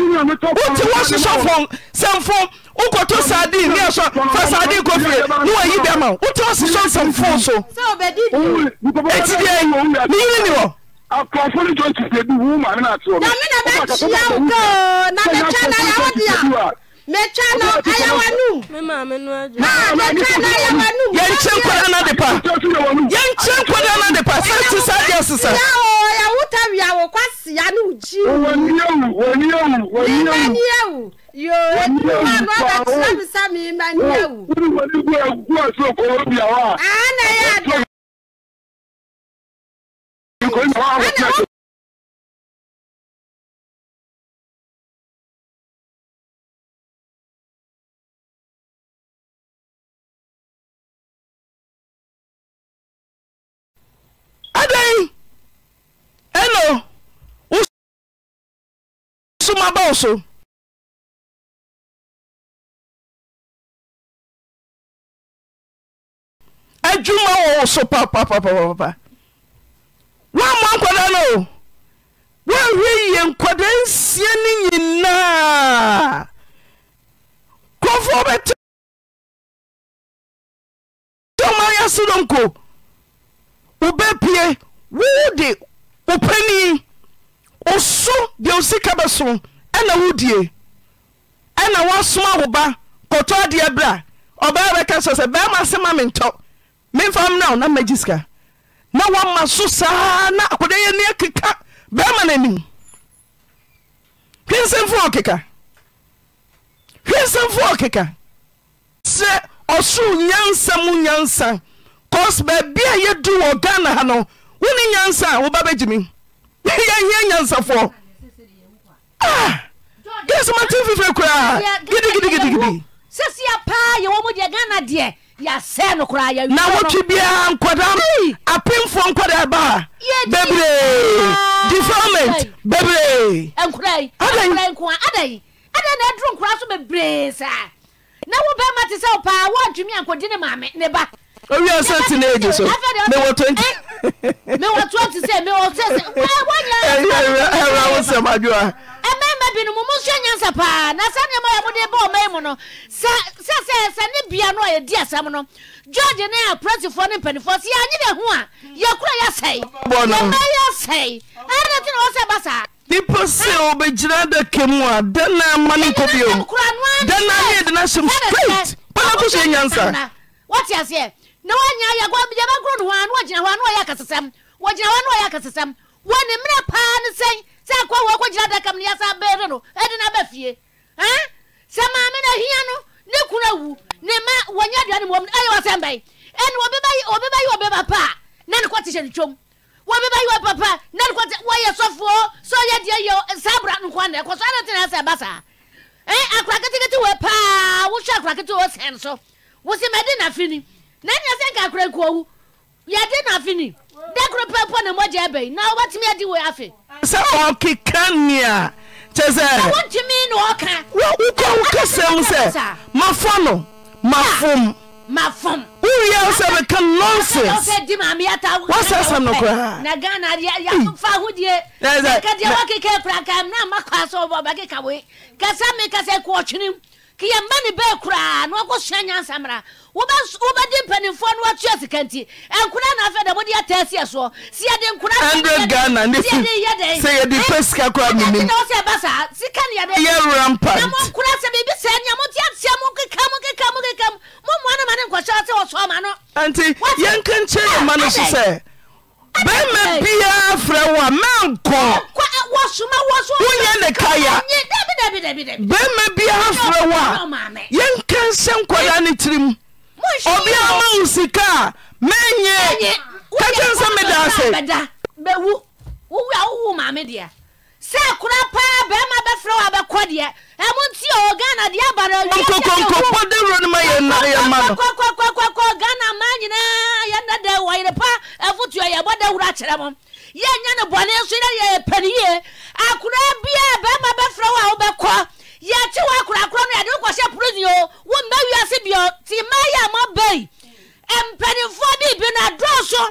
wọ́n ti wọ́n sísọ fọ́n sẹ́ǹfọ́n wọ́kọ̀tò sàdí ní ẹ̀sọ́ fà sàdí kófìrè ní wọ́n yí dẹ́ ma wọ́n ti wọ́n sísọ sẹ́ǹfọ́n so. etí di ẹ ní yín ni wọ. akọ̀fọ́ ní jọ́ọ̀tì tẹ̀bi wú màmí náà ti wọ̀ mí. dàmínà bẹ́ẹ̀ kí metnyɛnnkyoa iase anm iɛaa meanɛ m aba wo so adwuma wɔ wo so papapapapapa woammoa nkwadaa no o woahwɛ yie nkwadaa nsie ne nyinaa kurɔfoɔ bɛte tɔma yɛ se no nko wobɛpie wowo de wo pani osu deɛ osika bɛso ɛna wodie ɛna woasoma wo ba kɔtɔ adeɛ berɛ a ɔbaa bɛka sɛ sɛ bɛima asɛma mentɔ memfa mna wo na magyi sika na wama so saa na akɔda yɛni akeka bɛima noanim hwensɛmfo ɔkeka hwensɛmfo ɔkeka sɛ ɔsoro nyansa mu nyansa cause baabi a yɛdu wɔ ghana ha no wo ne nyansa a woba bɛgyimi yɛhia nyansafoɔ ah! yɛ sɛ mate fifiri koraa gidigidigidigidi sɛsia paa yɛwɔ mu deɛ ghana deɛ yɛasɛe no koraa yɛ na wotwe biara nkwadaa apemfoɔ nkwadaa baa bebree defilement bebree nkora adɛn nko a adɛn adɛn na ɛduru nkora so bebree saa na wo bɛrima te sɛ wo paa woadwumi ankɔdi ne maame ne ba owi ase teenage so mewɔ twenty. mewɔ twenty twenty-seven. sɛ mewɔ sɛ wanya. ɛyẹ ɛwura awosam adwoa. ɛmɛɛmɛ binom mo nso nyansa paa na saa nneɛma yɛ mo de bɔ ɔmɛ yi mu no sɛ sɛ sɛ sɛ ne bia no a yɛdi asɛm no george ne apresifoɔ ne mpanimfoɔ si yɛanyi ne ho a yɛkura yɛsɛe yɛmɛ yɛsɛe ɛna ti na wɔsɛ ba saa. nipa sɛ ɔbɛgyina adaka mu a dɛn na ama ne nkɔ bio dɛn na ne yɛde na hyɛm straight bɛna kɔ so yɛ nyansa. wɔte aseɛ na wɔanya yɛgɔ yɛbɛ koro no hɔ na wɔgyina hɔ na wɔyɛ akasesɛm wɔgyina hɔ na wɔyɛ eh, akasesɛm wɔne mmerɛ paa ne sɛn sɛ akɔ wɔ kɔgyina daka mu yɛsa abɛɛre no ɛde no aba fie sɛ maame no ahia no ne kunu awu ne ma wɔnyɛ aduane mu wɔm ɛyɛ wɔsɛm bɛyi ɛne wɔbɛbɛyi wɔbɛbɛyi wɔbɛba paa na ne kɔ te hyɛ ne twom wɔbɛbɛyi wɔ papa na ne kɔ wɔyɛ sɔfoɔ sɛ ɔyɛ deɛ yɛ saa abura nkwa na ɛkɔ so ɛne tena sɛ ɛba saa akora ketekete wɔ paa wohwɛ akora ketekete sɛn so wosi mɛdi nafi ni na nyɛ sɛ nkakura nko owu yɛdi nafi ni dɛkuru pɛpɔ na mɔgya ɛbɛn na wɔtumi ɛdi wo afe. sɛ ɔkeka nea kyɛ sɛ. na wɔntumi na ɔka. wokɔ wokasa mu sɛ mafɔ no mafom. mafom. wúwìyà sɛ bɛka nonsense. ɔsɛ di maame yata. wɔsɛ sɛm no koraa. na ghana deɛ yafa ahodie. ɛsɛ ɛsɛ ɛkadɛ wɔkeka epura kan na makɔ asɔ ɔbɔ ɔbɛ keka wo ye kasa mi kasa ekɔ ɔtwene ke yɛ mba ne bɛɛ koraa na ɔkɔ soa nyansa mmra wobɛgye mpanimfoɔ no watua sika nti ɛnkora naafi dɛ mode ataa siɛ soɔ syɛdeɛɛdepɛikssanɛkoa sɛ biribisɛ nyamote atɛ m m mommoa no ma ne nkɔhyɛ wɔtɛ wɔsɔma no nti yɛkɛ nkyɛ yɛ ma no so sɛ bɛima biara frɛ wo a mɛnkɔ wonyɛ de kaya bɛima biara frɛ wo a yɛnkɛnsɛ nkɔda ne tirim ɔbiara mawo sika a mɛnyɛ ka kyɛ n sɛ medaasɛ sɛ kora paa bɛrima bɛfrɛ wɔ abɛkɔ deɛ ɛmo nti ɔ ghana deɛ abarenkɔkɔnkɔpɔ de wuro no ma yɛ na yɛ ma no kɔkɔkɔkɔkɔ ghana ma nyinaa yɛnda dɛ wɔyere pa afotuo yɛbɔ da wuro akyerɛ mo yɛnyɛ ne bɔne so yɛ yɛ pɛne yie akora biaa bɛrima bɛfrɛ wɔ a wobɛkɔ yɛkye wɔ akorakora no yɛde wokɔhyɛ prison o womma wiase bio nti ma yɛ a mɔbɛi mpanimfoɔ biribi no adɔɔ so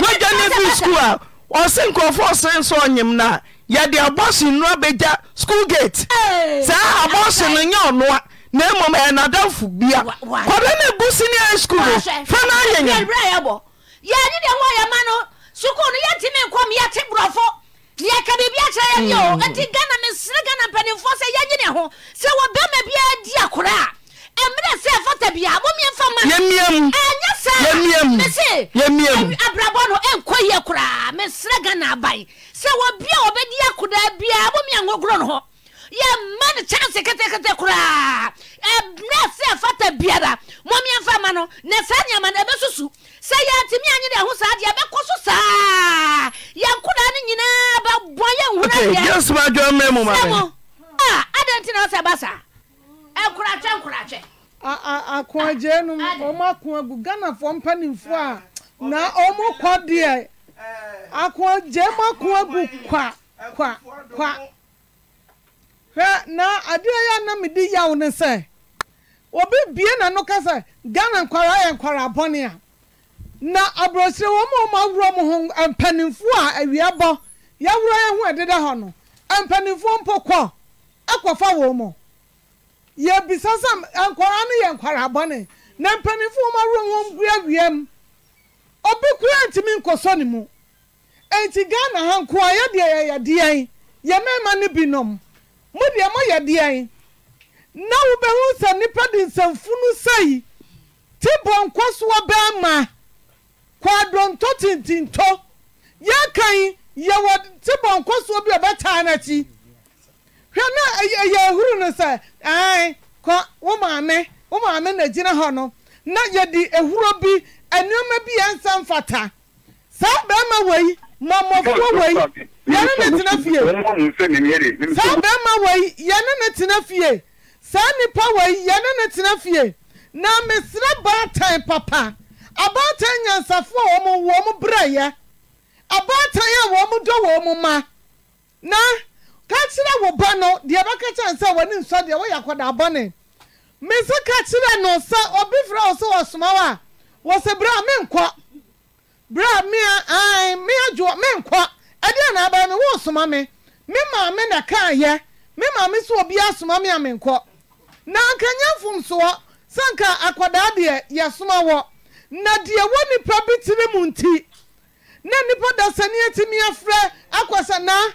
wagya ne fi skuul a ɔse nkurɔfoɔ sere nso ɔnyem no a yɛde abɔsen no abɛgya skuul gate saa abɔsen no nyɛ ɔnoa na mmom ɛyɛ nadamfo bia kɔdɛ no bu senior high school no fa no ayɛnyɛ yɛde ni hɔ yɛ ma no sukuu no yɛntimi nkɔm yɛte borɔfo yɛka biribi akyerɛ yɛ bio hmm. nti ghana mesere ghana mpanimfoɔ sɛ yɛnye ne ho sɛ wɔbɛma biaa di akora mmerɛ sɛ fata bia momemfa ma yɛmmiam ɛnyɛ sɛ yɛmmiam mese yɛmmiam abrabɔ no ɛnkɔ yie koraa mesrɛ ghana aban sɛ wɔbia wɔbɛdi akodaa biaa momia ngogoro no hɔ yɛmma no chance ketekete koraa ɛmmerɛ sɛ fata biara momemfa ma no na saa nneɛma no ɛbɛsusu sɛ yɛatumi anye ne ɛho saa deɛ ɛbɛkɔ so saa yɛnkodaa no nyinaa bɛboa yɛnhuna deɛ yesu ma ah, adwa mmɛ mu ma adɛn nti na wɔ sɛ ɛba nkwụrachị nkwụrachị akụọ jeenu ọmụ akụọ egwu ghanafoɔ mpanimfoɔ a na ọmụ kɔ deɛ akụọ jeenu akụọ egwu kwa kwa kwa na adeɛ yɛ anamidi yaw ne sɛ obi bie kasa ghana nkwara yɛ nkwara bɔne a na aburokyire wɔn a wɔn awura ho a awia bɔ ho ɛdeda hɔ no mpo kɔ ɛkɔfa wɔn yɛbisa sam nkwaraa no yɛ nkwara bɔne na mpanimfo wɔmaworo wɔn bu awia mu obi kura ntumi nkɔsɔ ne mu nti ghana ha nko a yɛdeɛ yɛyɛ deɛn yɛ mmarima no binom mo deɛ moyɛ deɛn na wobɛhu sɛ nnipa de nsɛmfu no sɛi bɔ nkɔsoɔ bɛrima kwadrontɔ tintintɔ yɛkan yɛwɔ te bɔ nkɔsoɔ bi a ɔbɛtaa n'akyi hwɛ na ɛyɛ ahuru no sɛ ɛn kɔ wo maame wo maame na gyina hɔ no na yɛde ehuro bi nneɛma bi yɛn nsa mfata saa bɛrima wei mɔmɔfoɔ wei yɛne ne tena fie saa bɛrima wei yɛne ne tena fie saa nipa wei yɛne ne tena fie na mesra baatan papa abaatan nyansafoɔ a wɔn wɔn brɛ yɛ abaatan a wɔn dɔ wɔn ma na. kakyerɛ wo bɔ no deɛ bɛka kyerɛ ne sɛ w'ani nsɔ deɛ woyɛ akɔ daa bɔne mensɛ ka kyerɛ no sɛ ɔbe frɛ wo sɛ wɔ soma wɔ a wɔ sɛ berɛ a menkɔ berɛ a mea a me adwoɔ menkɔ ɛde anaa baa me woɔ soma me me maa me na kaa yɛ memaa me nsɛ ɔ biaa soma me a menkɔ na nkanya mfom soɔ siaanka akadaa deɛ yɛ soma wɔ na deɛ wo nnipa bi tiri mu nti ne nnipa dasannea ti meafrɛ akɔ sɛna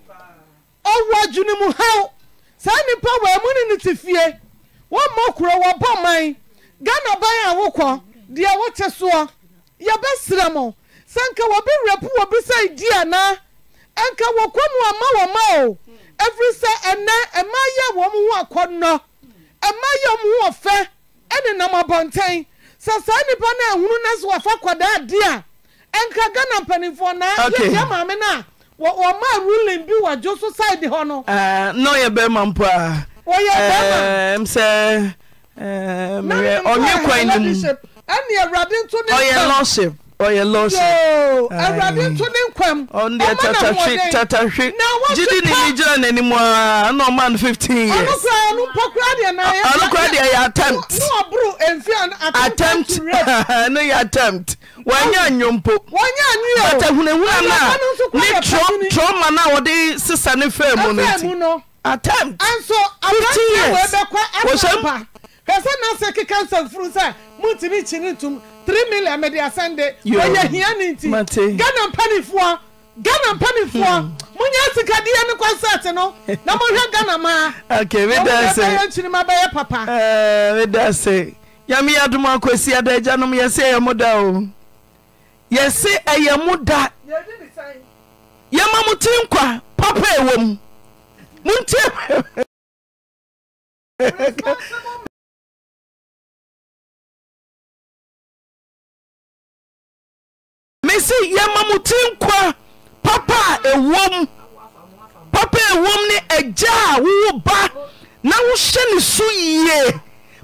ɔwɔ adwene mu haw saa nnipa wɔ mu ne ne te fie wɔmmɔ kuro wɔbɔ man ghana ban a wokɔ deɛ wote soɔ yɛbɛsrɛ mo sɛ nka wɔbi werɛpo wɔbi sɛ idi anaa ɛnka wɔkɔmu ama wɔ ma o efiri sɛ ɛnɛ ɛma yɛ wɔ mo ho akɔnnɔ ɛne nam saa n'ipa na na so a ghana mpanimfoɔ maame na. wɔma ruling bi wɔ dwo society hɔ no. na ɔyɛ bɛrima mpo a. wɔyɛ bɛrima. ɛɛm sɛ ɛɛm ɔnye kwan ne mu. ɛni awurade nto ne nsa. ɔyɛ lɔship ɔyɛ lɔsi. yoo awurade nto ne nkwam. ɔno deɛ tatahwe tatahwe gidi ni ni gyina n'anim aa ɛna ɔma no fifteen years. ɔno kura ɔno mpɔ kura deɛ na yɛ. ɔno kura deɛ yɛ attempt. ne ɔburu efi attempt attempt ne [laughs] yɛ attempt wɔnyɛ anwom po. wɔnyɛ anwom. bata hunahuna na ne trɔ trɔma na wɔde sisa ne fɛn mu no ti attempt fifteen years wɔhyɛ mu. kɛsɛ na se keka nsɛm furu sɛ mutumi kyi ne tum. three million mɛ de asan de wɔyɛ hiɛ ni ti ghana mpanimfoɔ ghana mpanimfoɔ mo nyɛ sikadeɛ ne concert no na mo hwɛ ghana ma okay eh, mi da se ɔmo yɛ nkyirima bɛyɛ papa ɛɛ mi da se yami yadum akwesi ada agyanom yɛsi ɛyɛ mo da o yɛsi ɛyɛ mo da yɛma mo ti nkwa papa ɛwɔ mu mese yɛma mo te nkwa papa a ɛwom papa a ɛwom ne agya a wowo ba na wohyɛ ne so yie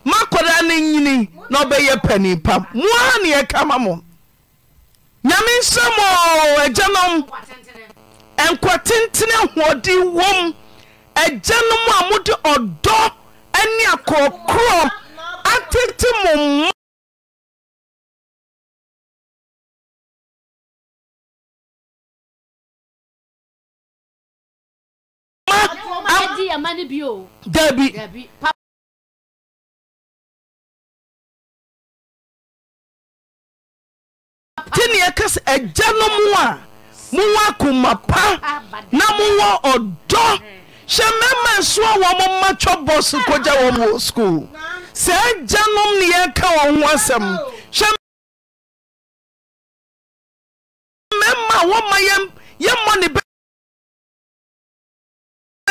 makɔdaa ne nyini na ɔbɛyɛ panipa moaa ne yɛka ma mo nyame nsɛm agyanom ɛnkwatentene ahoɔden wom nom a mode ɔdɔ ane akɔɔkorɔ atete mo mma yɛ ni bi o. dabi. dabi papa. tini ɛka sɛ ɛgya no mu a mowɔ akoma pa na mowɔ ɔdɔ hyɛ mmarima nso a wɔn mma twɛ bɔs kɔgya wɔn wɔ skuul sɛ ɛgya nom ne yɛka wɔn ho asɛm hyɛ mmarima a wɔn ma yɛn yɛn mmɔ ne bɛ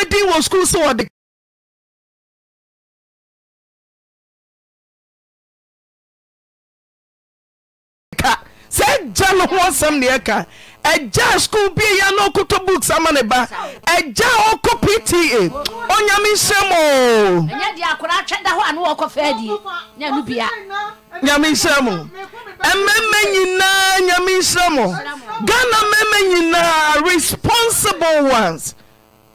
din wɔ sukuu sɛ wɔde ka sɛ ɛgya no ho asɛm ne ɛka ɛgya sukuu bi yɛ no ɔkotɔ books ama ne ba ɛgya ɔkɔ pta onyame nhyɛm o nyame nhyɛm mmɛmɛ nyinaa nyame nhyɛm ghana mmɛmɛ nyinaa responsible ones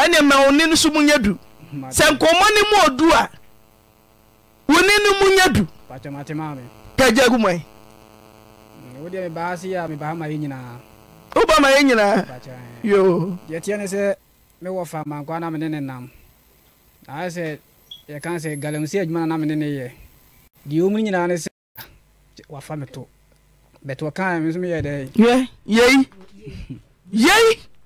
ɛne ma wo ne no so mu nya du sɛ nkɔmmɔ ne mu ɔdu a wo ne no mu nya du kagya gu mɔe mm, woba ma yɛ nyinaa yo yɛteɛ ne sɛ mewɔ fa mankoa na mene ne nam ayɛ sɛ yɛka sɛ galamsey adwuma na mene ne yɛ deɛ ɔmu no nyinaa ne sɛ wafa me to bɛtɔ kaa me so meyɛ dɛ yei [laughs] yei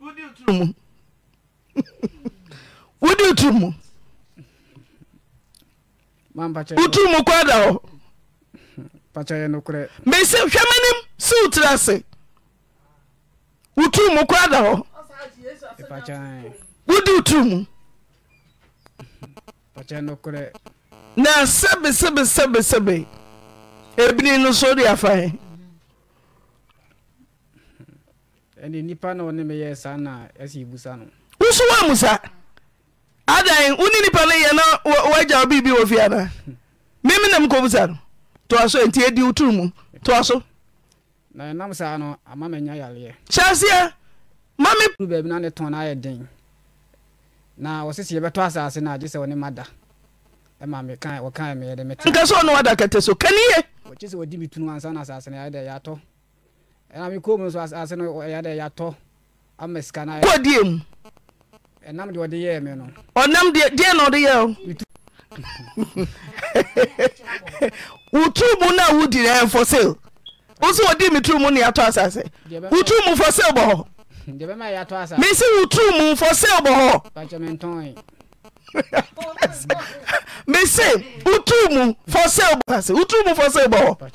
wodi otu mu wotu mu kɔ da hɔ mesi hwɛ m'anim sɛ ase wotu mu kɔ da hɔ wodi otu mu na sɛbesebesebesebe ebini no so de afae woso woamu sa adan wone nnipa no yɛ na woagya wobiribi wɔ fie anaa meme nam kɔmu sa no toa so ɛnti ɛdi wo mu toa so hyɛ aseɛ ma den. na wɔsi si yɛbɛtɔ asase na agye sɛ wɔne ma da ɛma mi kan wɔkan mi yɛde mi ti. nkasi ɔnu wada kɛtɛ so kani ye. wɔkye sɛ wɔdi mi tunu ansa na asase na yɛ dɛ yatɔ ɛna mi kɔn mu nso asase no yɛ dɛ yatɔ ama sika na. kó di emu. ɛnam deɛ ɔde yɛ mi no. ɔnam deɛ deɛ na ɔde yɛ o. wotu mu na wudi na ɛn sale wosi wɔdi mi tu mu na yatɔ asase wotu mu fɔ sale bɔ hɔ mesi wo mu fɔ sɛ wobɔ hɔ [laughs] mese woturu mu fɔ sɛ wobɔ hɔ woturu mu fɔ sɛ wobɔ hɔ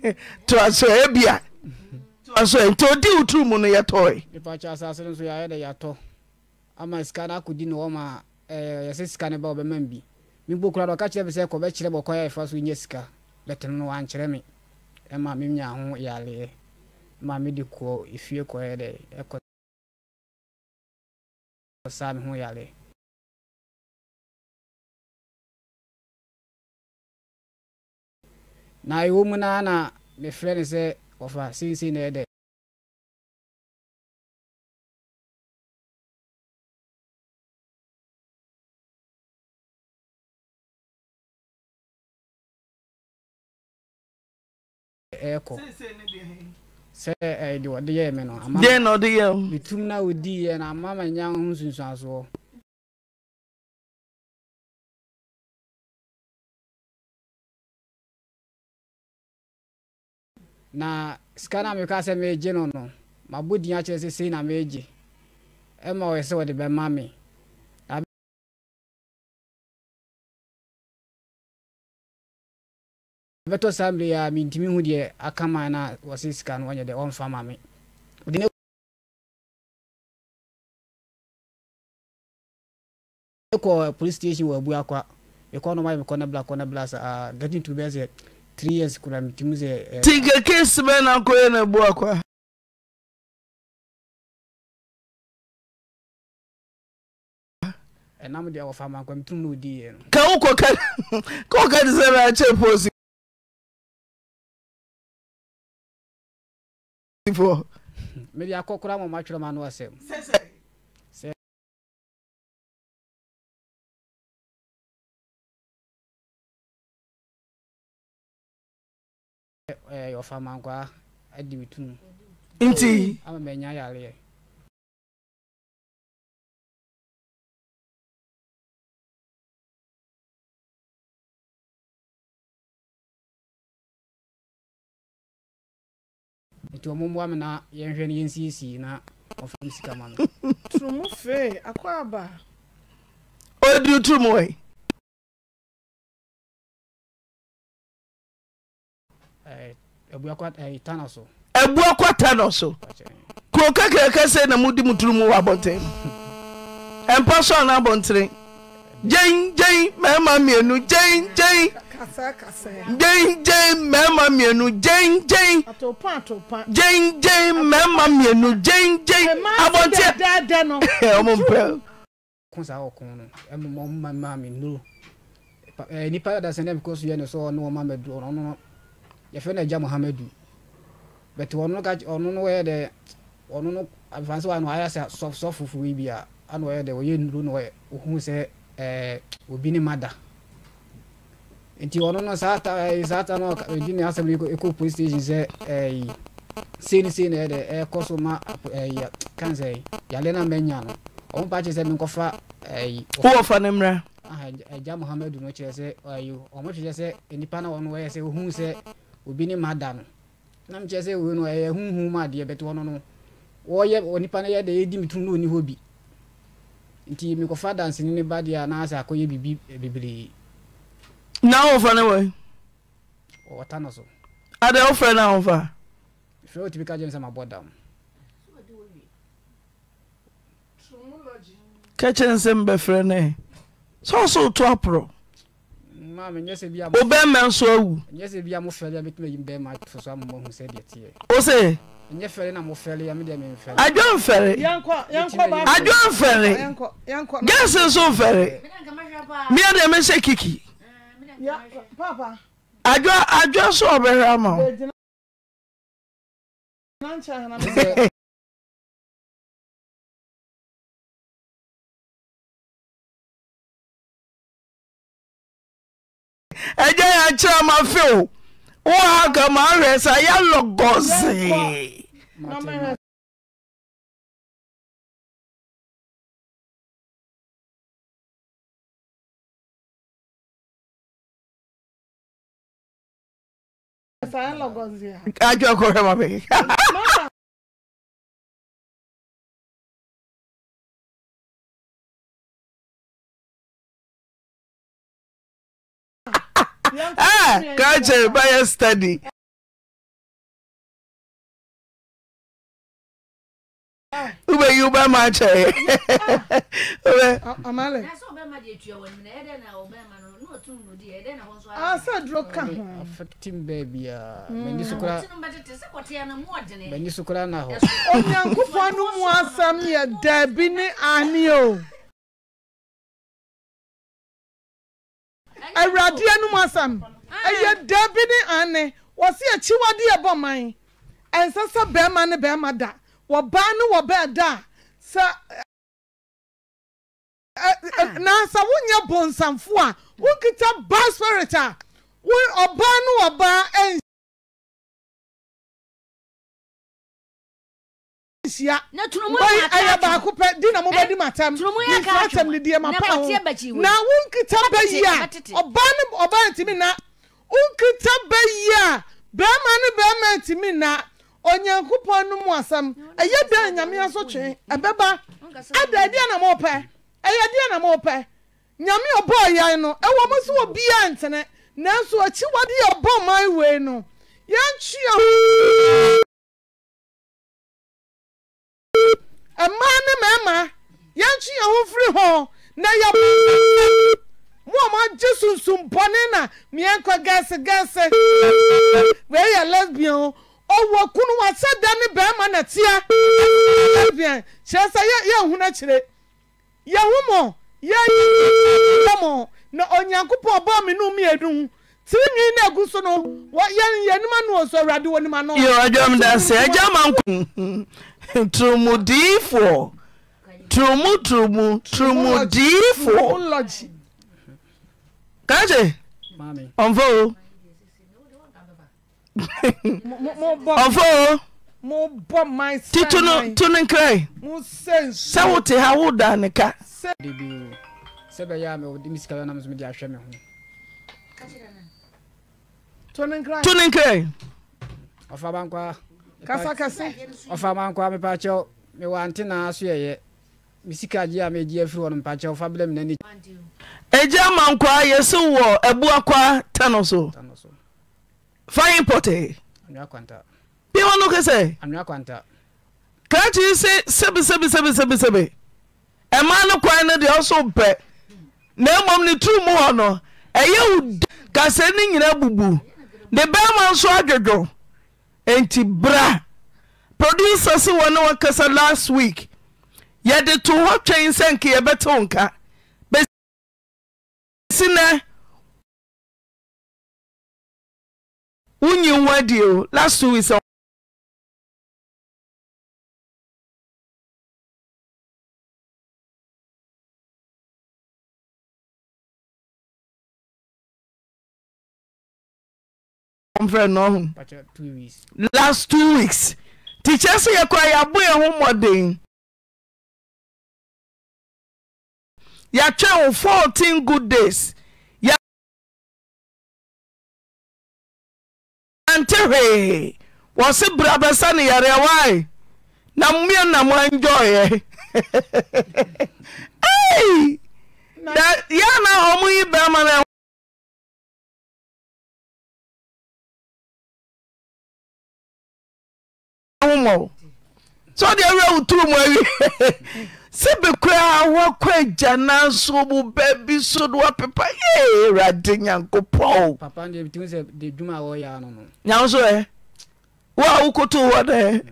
[laughs] toa so ebia toa so nti odi woturu mu no yɛtɔe mepakyɛ asase no so yɛayɛ dɛ yɛatɔ ama sika no akɔdi ne hɔ ma eh, yɛsɛ sika no ba wɔbɛma m bi mebɔ kura dɛ ɔka kyerɛ me sɛ kɔbɛkyerɛ bɔkɔyɛ ɛfa so nyɛ sika bɛtene no wankyerɛ me ɛma memnya ho yɛaleɛ maame de kɔ efie kɔɛ dɛ ɛkɔ saa me ho yare na m mu naa na mefrɛ ne sɛ ɔfa sinsin na ɛdɛ ɛɛkɔ sɛ ɛde ɔde yɛ me no deɛ na ɔde yɛ metum na ɔdi yɛ na ama ma nya ho nsunsuasoɔ na sika no a meka sɛ meegye no no mabɔ din akyerɛ sɛ sei na meegye ɛma ɔyɛ sɛ ɔde bɛma me bɛtɔ saa mmerɛ yɛ a mentimi hu deɛ aka ma no a wɔse sika no wɔnyɛ deɛ wɔmfa ma me kɔ police station wɔ abu akwa mekɔ no mayɛ mekɔ ne bla kɔ ne bla saa ah, getting to bɛ sɛ three years kora metimi sɛ eh, tinka case bɛ na nkɔyɛ no abu akwa ɛnam eh, deɛ wɔfa ma nkwa metum no wodiiɛ no ka wokɔka ka wokɔ sɛ bɛakyɛ posi foɔ. mede akɔkora ma matwerɛ ma no asɛm sɛ ɔfa mankwaa adi me tum nti ama manya yareɛ nti ọmụmụ amị na yɛnhwɛ no yɛnsiesie [laughs] eh, eh, na ọfụma m sika ma no turumu fee akɔ aba ɔduru turumu ɛ abuakɔtana so abuakɔta no so kuro kakraka sɛ na mudi mu turumu wɔ abɔnten ɛmpa so ana abɔntene gyenggyen mmarima mmienu gyenggyen gyenggyen mmarima mmienu gyenggyen gyenggyen mmarima mmienu gyenggyen abɔnte ɔmo [laughs] mpɛ. kun saa ɔkun no ɛmu ɔmu ma maa mi nuru ɛɛ nipa da sɛ ne bi kɔ so yɛ ne so ɔno ɔma mɛ du ɔno no yɛfɛ ne gya muhammadu bɛtɛ ɔno ka ɔno no yɛ dɛ ɔno no afansi wa no ayɛ sɛ sɔfo fufu yi bi a ano yɛ dɛ ɔyɛ nuru no ɔyɛ ohun sɛ ɛɛ eh, obi ne mada nti ɔno no saa ta ɛɛ eh, saa ta no ɛdi ne asɛm no ɛkɔ police station sɛ ɛɛ eh, sei ne sei na ɛdɛ ɛkɔ so ma ɛɛ kan sɛ yale na mɛnya no ɔmo pa kyerɛ sɛ mi nkɔfa ɛɛ. wọ́n fa ne mìíràn. ɛgya ah, muhammadu no kyerɛ sɛ ɛɛ ɔmo kyerɛ sɛ nipa na ɔno wɔyɛ sɛ ohun sɛ obi ne mada no nam kyerɛ sɛ wei no ɛyɛ huhu mu adeɛ bɛtɛ ɔno no wɔyɛ onipa no yɛ de edi mi tum no hɔ bi nti mekɔfa danseni ne ba deɛ anaasɛ akɔyɛ biribi eh, bebree na wofra ne wai ɔwɔta no so ade wofrɛ no womfa frɛ wotumi ka gyem sɛ mabɔ dam kɛkyɛ nsɛm bɛfrɛ ne sɛ ɔso woto aporɔ wobɛmɛ nso awu wo se nyɛ fɛre na mo fɛre ya mi deɛ mi n fɛre. adwo n fɛre adwo n fɛre gɛɛsi nso n fɛre miya deɛ mi se kiki eh, adwo adwo so ɔbɛhwɛ ama o. ɛgya yɛ akyerɛ ma fe o wa kama resa ya lọgọzi. Ajọ kọrọ ma bẹ. Ha yeah culture bias study ube yi ube ma kyerɛ ah, sɛ duro ka hoonyankopɔn no mu asɛm yɛ daabi ne ane o awurade anum asɛm ɛyɛ dabi ne ane wɔsi akyiwade ɛbɔ man ɛnsa sɛ bɛrima ne bɛrima da wɔbaa ne wɔbɛɛ da sɛ na sɛ wonyɛ bonsamfo a wonkita baa spirit a ɔbaa ne wɔbaa ɛnhyɛ ɛnmmna wota bbanntmn wonketa ba yi a bɛrima ne bɛima ntimi na onyankopɔn nom asɛm ɛyɛ dana nyame so twee bɛba ada adeɛnamopɛ yɛ eɛnamopɛ nyame ɔbɔ ɔyane no ɛwɔ m sɛ wɔ biaa ntene nanso akyi wode ɛ ɔbɔ man wei no yɛntwea ho mmaa ne mmarima yɛn ho firi hɔ na yɛ a na miɛnkɔ gɛsegɛse ya yɛ lesbian o ɔwɔ kunu wasɛ ne bɛrima na ya lesbian kyerɛ sɛ yɛnhu akyire mɔ mɔ na onyankopɔn ɔbɔɔ me no mmienu tirinwi na egu so no yɛn yɛnum anu wɔ so awurade wɔ nim ano. ya ɔjɔm da ya ɛgya mankum. turumudiifoɔ turumu turumu turumudiifoɔ kakye ɔmfo ɔmfo ti tu no tu no nkran sɛ wote ha woda ne ka sɛ bɛyɛ a mɛwɔde me sika bɛ nam so ahwɛ me ho tu no nkran ɔfa bankwa kasa kɛse ɔfama nkoa mepakyɛw mewante naa so yɛyɛ mesika gye a megye afiri hɔ no mepakyɛw fa bela mina ni ɛgya ma nkoa yɛse wɔ abua kwa ta no so fine pɔte bi wɔ no ke sɛ kra kyiri se sebesebesebesebesebe ɛma no kwan no deɛ ɔso mpɛ na mmom ne turu mu hɔ no ɛyɛ wo kasɛ ne nyina bubu ne bɛrima nso adwodwo nti bera produser se wɔ ne wokɛsa last week yɛde too hɔ twenyi sɛ nke yɛbɛtewo nka bɛsi ne wonyim ho adio last two week sɛ las uh, t weeks nte kyɛ sɛ yɛ koraa yɛboɛ ho mmɔden yɛtwɛwo 4 good days n e wɔ se brabɛsa no yareɛwai nammia namo nwoyɛɛnahɔmyibama hom [laughs] sɛ ode awerɛ woto mu awi sɛ bɛkoaa woakɔ ayananso mu baabi so no wapepa y awurade nyankopɔnnyamso woawokto hɔn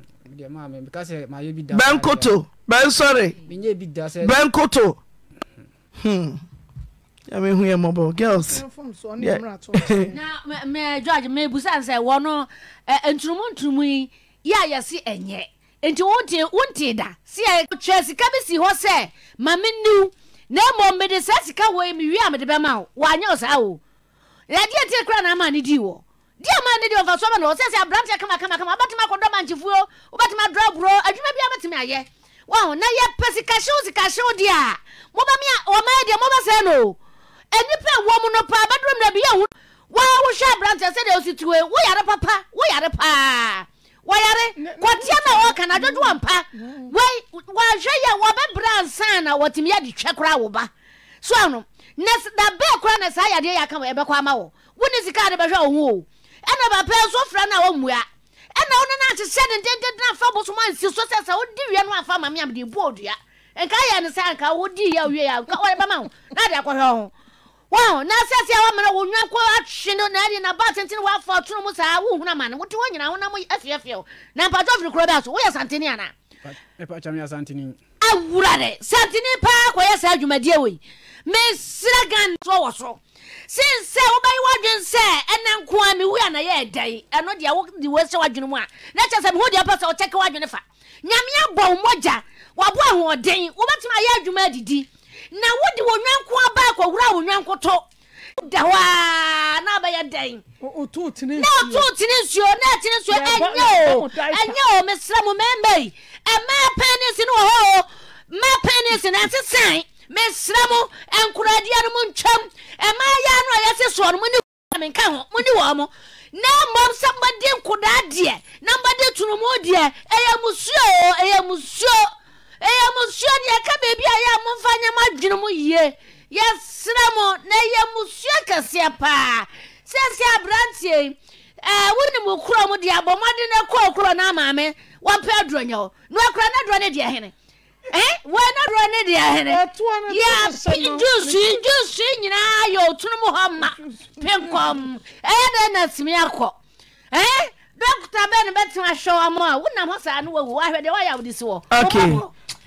yɛ a yɛsi ɛnyɛ nti wonti wonti da si yɛ twɛ sika bi si hɔ sɛ maame niw na mmom mede saa sika wɔ yi mi wi a mede bɛma o wanyɛ o saa o yadeɛ tie kura na ama ne di wɔ di ama ne di wɔ nfa so na ɔsɛ sɛ aberanteɛ kama kama kama ɔbɛtuma akɔdɔ mantifuo ɔbɛtuma adɔ aburo adwuma bi abɛtumi ayɛ wɔn na yɛ pɛ sika hyew sika hyew di a mo ba mi a wɔn ayɛ deɛ mo ba sɛ no enipa wɔ mu no paa abɛduro mu na bi yɛ hu wɔn awohyɛ aberanteɛ sɛ deɛ osi tuwe woyare papa woyare paa. wɔyɛre kɔtea na ɔka mm. na dwodo mpa ɛ ɛwbɛbrɛ nsana timi ɛde twɛ kra woba sono abɛ ka na saa ɛam skɛɛ fra nomua na onenokyesɛ dena faosi sosɛs aɛn sɛdekɔhwho wọn na sẹsẹ a wamana wọn nwa kọ atwi no na ẹni na ba tenten wa afọ ọtún mu saa wọn hun ama no wọn ti wọn nyinaa wọn nam efiefie o na mpatọ firi kuro bẹẹ so wọn santini ana. mpatọ mi yà santini. awura dẹ santini paa kọ yẹ saa dwumadie wei mesira gan so wọ so sinsɛ wobɛyi wadwen sɛ ɛnɛ nko a mewu a na yɛ ɛdɛn ɛno deɛ wode wɔsɛ wadwene mu a na kyɛ sɛ mehu deɛ pɛ sɛ wɔkyɛke wadwene fa nyame abɔ wo mmɔgya wabɔ ahoɔden wobɛtumi ayɛ adwuma adidi na wode wɔ nwanko aba akɔwura wo nwanko to da hɔ a na abɛyɛ dɛn na ɔtoo tene nsuo na ɛtene nsuo ɛnyɛ o ɛnyɛ o mesrɛ mo mɛma yi ɛmaa pɛn ne si no wɔ hɔ o mmaa pɛn ne si no ɛsesan mesrɛ mo nkoradeɛ no mu ntwam ɛmaa yɛ no a yɛse soɔ no mo ne menka ho mo ne wɔ mo na mmom sɛ mbɛde nkodaa deɛ na mbɛde tunumu deɛ ɛyɛ musuo ɛyɛ musuo ɛyɛ mo ni deɛ ɛka baabi a yɛ a momfa nyɛma adwene mu yie yɛserɛ mo na ɛyɛ mo sua kɛseɛ paa sɛsɛ aberanteɛ yi ɛɛ wonim wo korɔ mu deɛ abɔ mmɔden no kɔɔ korɔ no amaame aduro nyɛ wo na wakora no aduro ne deɛ hene wɔn aduro ne deɛ hene yɛ juusu juusu nyinaa yɛ otunum hɔ ma pinkɔm ɛyɛ dɛ na simi akɔ ɛɛ dɔkita bɛɛ ni bɛ tena ahwɛ wɔn a wonam hɔ saa no wawu ahwɛ deɛ wɔayɛ awudi si wɔ. okay.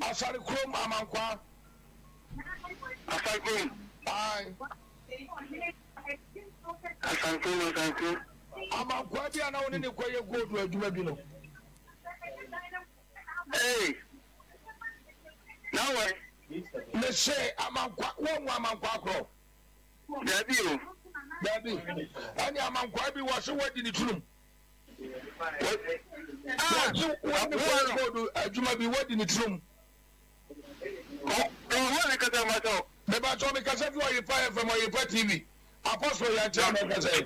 asare kurom amankwa asante ai asante asante amankwa bi ana wone ne kɔyɛ goodu adwuma bi no ee na wɛ ne se amankwa wɔnwu amankwa korɔ dabi o dabi ɛne amankwa bi wɔ so wɔdi ne tunum ah. wɔdi wɔne kɔyɛ goodu adwuma bi wɔdi ne tunum. ìwọ ni kẹsẹ máa tọ. ẹ bá tọ́ mi kẹsẹ́ fún ọ̀yẹ̀pá fm ọ̀yẹ̀pá tv apọ́sọ̀ yà jẹ́ ọmọ kẹsẹ́.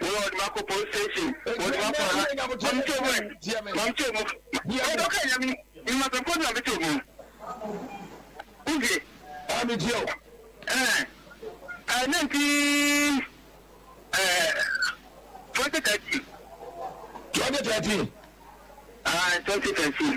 wọ́n ọdún máa kó police station wọ́n ọdún máa kó ọ̀la mọ̀mí tí o mọ̀ ẹ̀ mọ̀mí tí o mọ̀ ọdún ọkọ̀ ẹ̀yà mi ìmọ̀ tó kọ́ ọdún àbí tí o mọ̀ ọ̀gbìn. àmì jẹ́ o. ẹ ẹ náà ti ẹ twenty thirteen. twenty thirteen. twenty thirteen.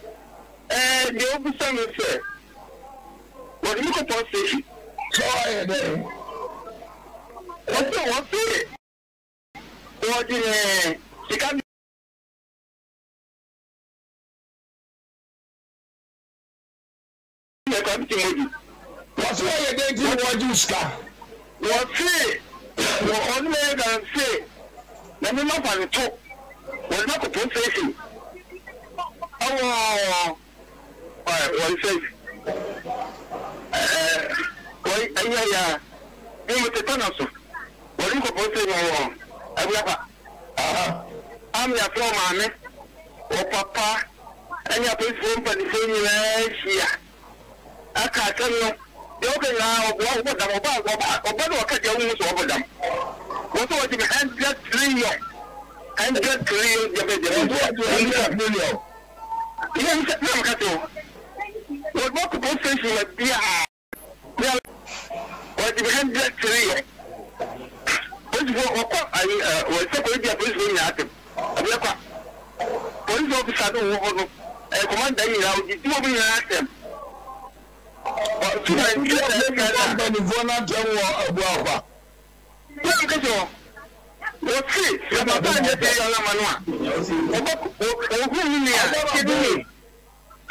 ɛɛ deɛ obusa mi sɛ wɔde mi kɔpɔ sefi. sọ ayɛ dɛ. wɔn sɛ wɔn sɛ wɔde ɛɛ sika mi. wọ́n sọ yẹ dé tí wọ́n ju sika. wọ́n sè wọ́n ọdún mẹ́rin kan sè na mímọ́ fàmì tó wọ́n ní bá kò pọ́n sẹ́sì. ọwọ́ wɔn sɛ ɛɛ wɔn ɛnyɛ yɛ a bí mo ti tọ́nà so wɔn nkɔpɔ sɛ mo wɔ ɛbúra pa ami afɔ maame wɔ papa ɛnyɛ apolisifoɔ mpanimfoɔ nyinaa ahyia aka asɛm no deɛ wɔkɛ nyinaa ɔbɔ ɔbɔ dam ɔbɔ ɔbɔ ɔbɔ na ɔka deɛ ɔmo so ɔbɔ dam wɔn sɛ wɔdi mi hundred trillion hundred trillion jɛbɛjɛbɛ. ɛn ti wá ti wá hundred million. yíyan sɛ ɛn mi ka tó wɔduma kò bɔ fɛn fún ɛbi a wɔdi bi hundred three yɛ polisifoɔ wɔkɔ ayi ɛ wɔsɛ kɔ ebi a polisifoɔ nyinaa tɛm ɛbi ɛkɔ a polisi ɔfisa no wɔ hɔ no ɛ kɔmanda nyinaa odi di wɔn nyinaa tɛm. Tí wọ́n ti ṣe ẹ̀ka ẹ̀ka ìgbàlùfọ́ náà tẹ̀ wọ ẹ̀bù àpá. Báwo kẹ́sì wọ? Wọ́n ti ṣe bàbá àjẹsẹ̀ yọ̀ ọ́ lámanú à. Òkú mi ni à, ṣé bí mi?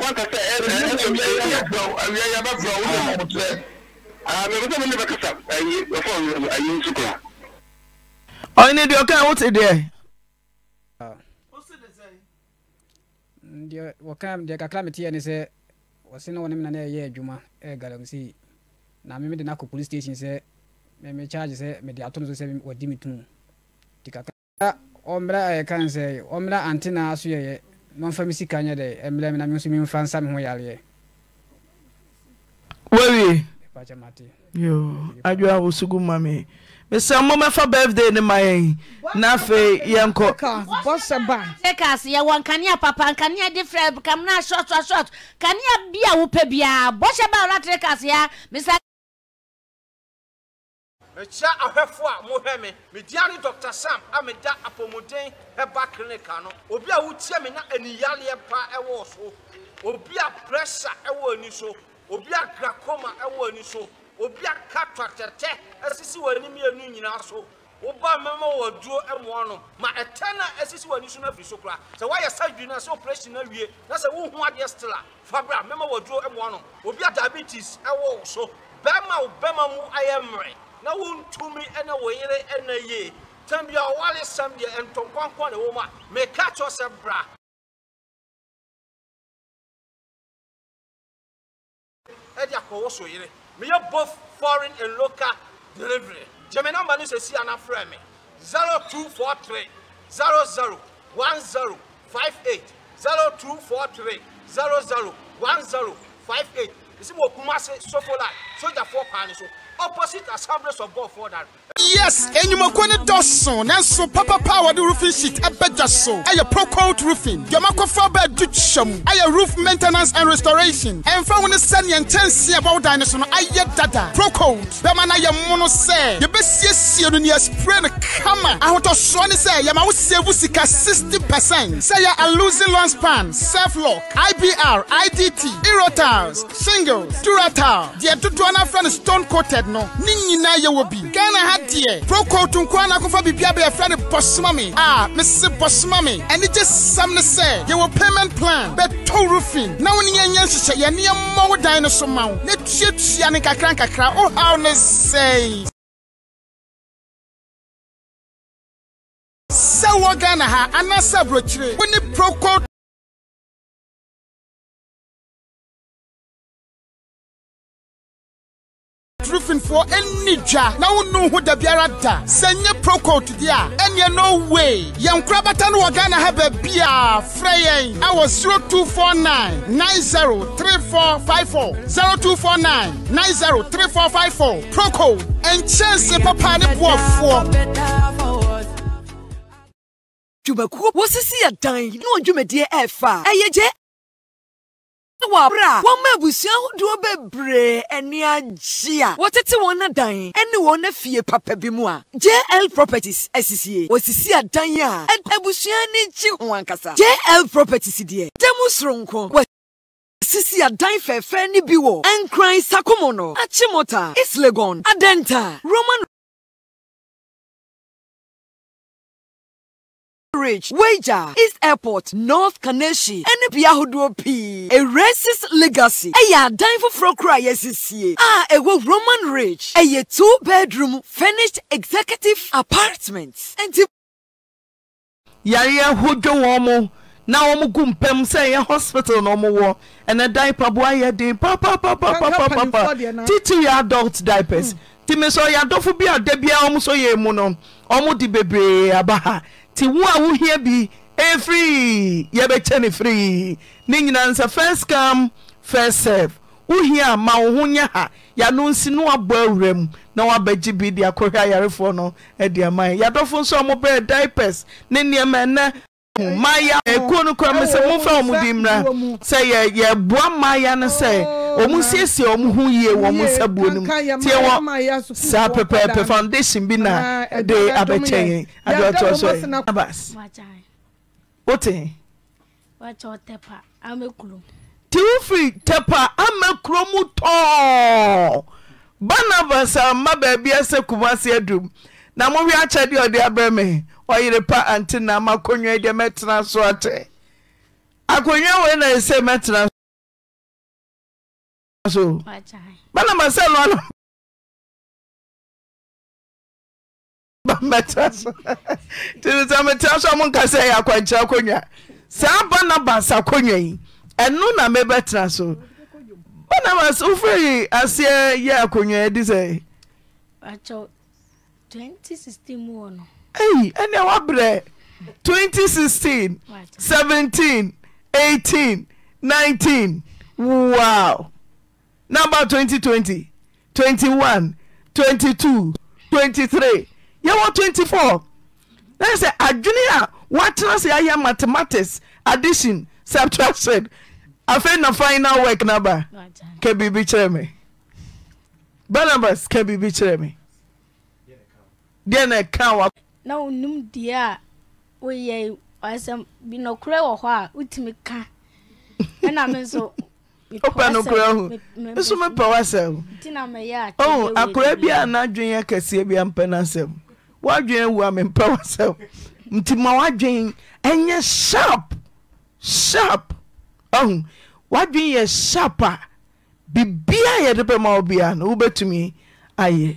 wọn kasa ẹ ẹ ẹ sọ yẹ yẹ bẹ fura yẹ yẹ bẹ fura wọn yẹ mọ tẹ aa mẹ bẹsẹ mi ni bẹ kasa ayi ẹfọ ayi n sukura. ọyìn ni di ọkàn ẹ̀hún ti deɛ wɔka deɛ kakra meteɛ ne sɛ wɔse no wɔne mena na ɛyɛ adwuma ɛyɛ na meme de no akɔ police station sɛ meme charge sɛ mede ato no so sɛ wɔdi me tumu nti kakra ɔmmra ɛyɛ sɛ ɔmmra ante so yɛyɛ mamfa me sika nyɛ dɛ mmerɛ me na me nso memfa nsa me ho yareɛ wawie adwoa wo sugu ma me mesɛ mommɛfa birthday ne ma yɛn na afei yɛnkɔ kas yɛwɔ nkanea papa nkanea different kamena short short short kanea bi a wopɛ biaa bɔhyɛ ba wratere kas yɛa mesa mekyia ahwɛfo a mohwɛ me media ne dr sam a meda apɔmuden heba clinic ano obi a wotie me na aniyaleɛ pa ɛwɔ so obi a pressure ɛwɔ ani so obi a glaucoma ɛwɔ ani so obi a cataract tɛtɛ ɛsisi wɔ ani mmienu nyinaa so woba mmɛma wɔ duro ɛmoa no ma ɛtɛ na ɛsisi wɔ ani so no afiri so koraa sɛ woayɛ surgery na sɛ operation na wie na sɛ wohu adeɛ stela fabra mmɛma wɔ duro ɛmoa no obi a diabetes ɛwɔ so bɛrima wo bɛrima mu ayɛ mmerɛ na wontumi ɛna wo yere ɛna yie tam bia ɔwale sɛm deɛ ɛntɔnkɔnkɔn ne wɔ mu a meka kyerɛ sɛ bra ɛde akɔwɔ so yere meyɛ both foreign and local delivery gyeme namba no sɛsi ana frɛ me 0243 00 10 58 0243 00 10 58 ɛsi ma okuma ase sofo line sogyafoɔ paa ne so opposite assemblies of God for that yes enyimako ne dɔso nanso Papa, a wɔde roofing sheet ɛbɛdwa so ɛyɛ procoat roofing dwamakɔfoɔ bɛɛ du kyɛm ɛyɛ roof maintenance and restoration ɛmfa ho ne sɛneɛ nkyɛnse a ɛbɛwo dan no so no ayɛ dada procoat bɛma no yɛ mono sɛ yɛbɛsiesie no ne yɛspray no kama ahotɔsoɔ ne sɛ yɛma wo save sika 60 percent sɛ yɛ alusi lonspan selflock ibr idt erotiles singles duratal deɛ dodoɔ no afrɛ stone coated no ne nyinaa yɛwɔ bi ghana ha adeɛ proko tunkoa na akɔfa biribi abɛ yɛfrɛ no bɔsomame a mese bɔsomame anigye sɛm ne sɛ yɛwɔ payment plan bɛtɔ roofing na wo ne yɛnyɛ nhyehyɛ yɛneɛ mmɔ wo dan no so ma wo na tuatua ne kakra kakra wo oh, haw ne sɛe sɛ wɔ ghana ha anaasɛ aburokyire wo ne proko amanfoɔ ani dwa na wonu ho da biara da sɛ nye procot deɛ a ɛneɛ no way yɛn korabata no wɔ ghana ha baabi a frɛ yɛn ɛwɔ 0249 903454 0249 903454 procot ɛnkyɛnse papa ne boɔfoɔ dwumakuo wɔsisi yɛ dan ne wɔn dwumadie ɛyɛ gye wɔ abere a wɔn abusua ahodoɔ bebree ani agye a wɔtete wɔn adan ne wɔn afie papa bi mu a jl properties asisie wɔsisi adan a abusua ne gye ho ankasa jl properties deɛ dɛm soronko wɔ sisi adan fɛɛfɛɛ ni bi wɔ nkran sakomo no akyimota islegon adenta roman Ridge, Wager, East Airport, North Kaneshi, ɛne pia ahodoɔ pii. A racist legacy ɛyɛ for foforɔ koro a yɛsiesie a ɛwɔ Roman Ridge. Ɛyɛ two bedroom furnished executive apartment. Nti. Yàrá ɛho dwe wɔn hospital na wɔn and a sɛ ɛyɛ hospital na pa pa pa pa pa pa pa pa. titi yɛ adult diapers. Tìmísọ̀ yàdọ́fo bí àdẹ́bíà ọmọ sọ so mu nọ ọmọ di bebree àbá ha ti wo a wohia bi ɛfiri e yɛbɛkyɛ ne firi ne nyinaa nsɛ first come first serve wohia a ma wo ho nyɛ ha yɛano nsi no wabɔ awura mu na woabɛgye bi de akɔhwɛ ayarefoɔ no de ama yɛadɔfo nso a mobɛɛ diapers ne nneɛma ɛnɛ maya ekuonu kora me sɛ momfa ɔ mu di mmra sɛ yɛboa mmaya no sɛ ɔmu oh, siesie ɔm ho yie wɔ mo nsa buo no mu tiɛ saa pɛpɛɛpɛ foundation bi na ah, eh, de abɛkyɛ yɛn adeɛ ɔtɔ so wote nti wofiri tɛpa ama kuro mu tɔɔ barnabas amma baabi asɛ kumase adum na mowe akyɛdeɛ ɔde abrɛ me ɔyere pa ante na makonnwa deɛ mɛtena so atɛ akonnwa wei na ɛsɛ mɛtena so a no ana [laughs] mɛtena so [laughs] Tiri sɛ metena so a monka sɛ ɛyɛ akwankyerɛ akonnwa saa barnabas akonnwa yi ɛno na mɛbɛtena so barnabas wofiri aseɛ yɛ akonnwa adi sɛ ɛd waberɛ 20 6x s 8i ni wwow naba 2020 21 22w 23h yɛwɔ 24 na sɛ adwene a wɔatena sɛ ɛayɛ mathematics addition subtratred afei na final work nabe ka biribi kyerɛ me barnabas ka biribi kyerɛ m eɛn kawwopɛnokora hunso mepɛ wo sɛm akoraa biaa n'adwen akɛsea bia mpɛ no asɛm woadwene awua mempɛwo sɛm nti ma woadwen ɛnyɛ syap yap hu w'adwen yɛ syarp a biribia yɛde bɛ ma wo bia na wobɛtumi ayɛ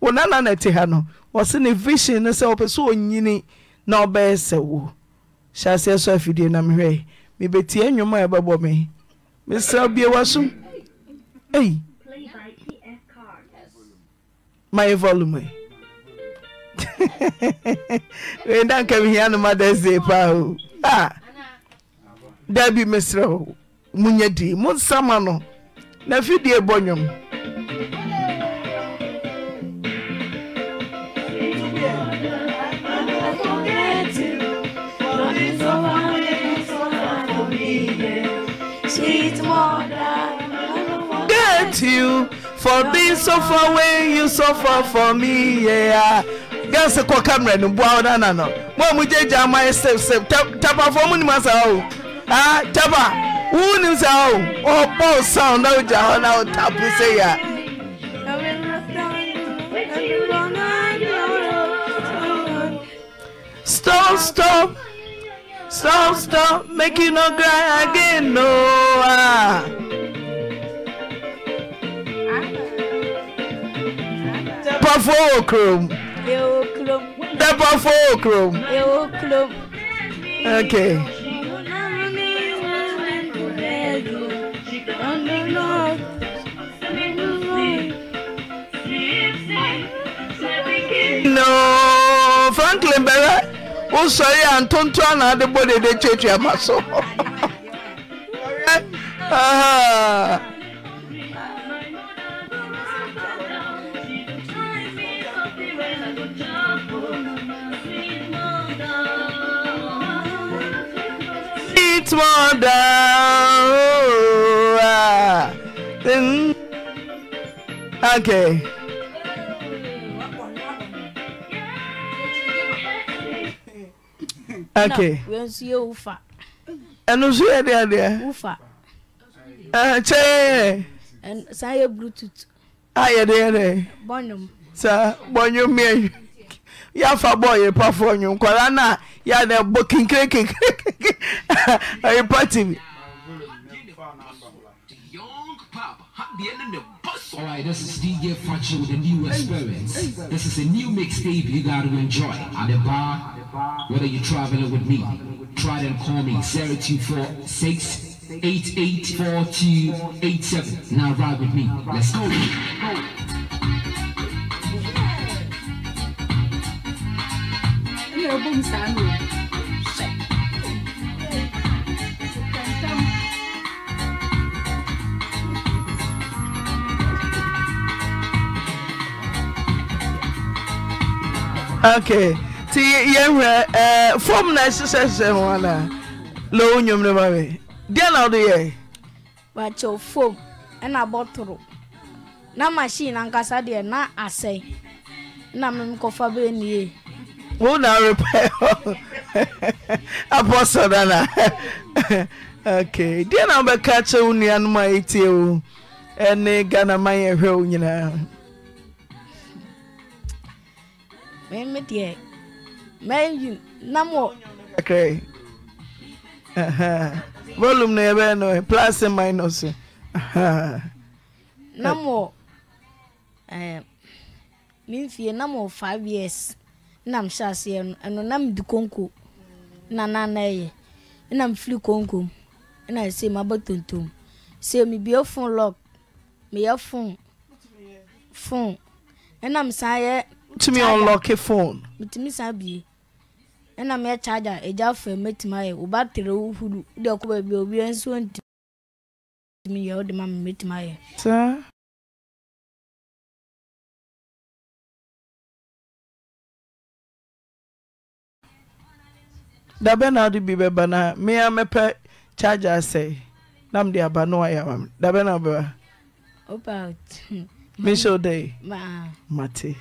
wonanano te ha no wɔseno vision n sɛɔpɛsɛ ɔyini na ɔbɛyɛsɛ wo hyɛaseɛ so afidie nameɛ mebɛtia nwoma bɛbɔme mesrɛbiwaso m olmanka e. [laughs] mhia nomada paoda bi mesrɛo mya dim sama no naafidie bɔ nwom you for being so far away, you suffer for me. Yeah. Girls, call camera no bow no no no. Mo mu je ja my step step tapa for mu ni ma sa o. Ah, tapa. Who ni sa o? Oh, bow sound na ja ho na tap say ya. Stop, stop. Stop, stop. Make you no cry again. No. Ah. dɛpafoɔ wɔ kurom I wɔ kurom okay. no franklin sorry and a ntonto anaa de change your tuatua ma so it's more mm. than okay. okay. ɛno nso Ufa. deɛ che? kyɛ saa yɛ bluetooth a yɛde yɛ dɛ saa bɔnwom yɛ yɛafa bɔɔ yɛrepafoɔ nwo nkwara no a yɛana ɛbɔ kenkerekeke ɔyepa tv All right, this is DJ Fachi with a new experience. This is a new mixtape you got to enjoy at the bar, whether you're traveling with me. Try and call me 0246 884287. Now ride with me. Let's go. go. ẹ bó mi sànù o. okay ti yẹn hwẹ ẹ fọm na ẹhyehyẹ hyehyẹ ho ana lọwọ nnwom ne ma mi deɛ na ɔde yɛ. wakyɛw fom ɛna bɔtoro na machine ankasa deɛ na asɛe na mmemme kɔfa bɛyɛ nie wo [laughs] [laughs] na repair apɔsɔ dana okay deɛ na wobɛka kyerɛ wo nuanom a ɛtie wo ɛne ghana ma yɛhwɛ wo nyinaa meme deɛ mayi nam wɔ volume no yɛbɛyɛ plus and e minus nam wɔ eh, memfie nam wɔ five years na mehyɛ aseɛ no ɛno na mede konko na nana ɛyɛ na mefiri konko mu na ɛsɛ mabɔ tontom sɛ mebie fon lock meyɛ fon fon ɛna mesan yɛ tumi ɔnlɔke fon metumi san bie ɛna meyɛ charger agya fɛ mɛtumi ayɛ wo batere wo huru wode ɛkɔ baabi a obiara nso ntimi yɛ wode ma me mɛtumi ayɛ saa da bɛ na de bi bɛ ba na mmea mɛpɛ charger asɛ na mde aba no ayɛ ama me da bɛ na bɛ ba mehyɛ mate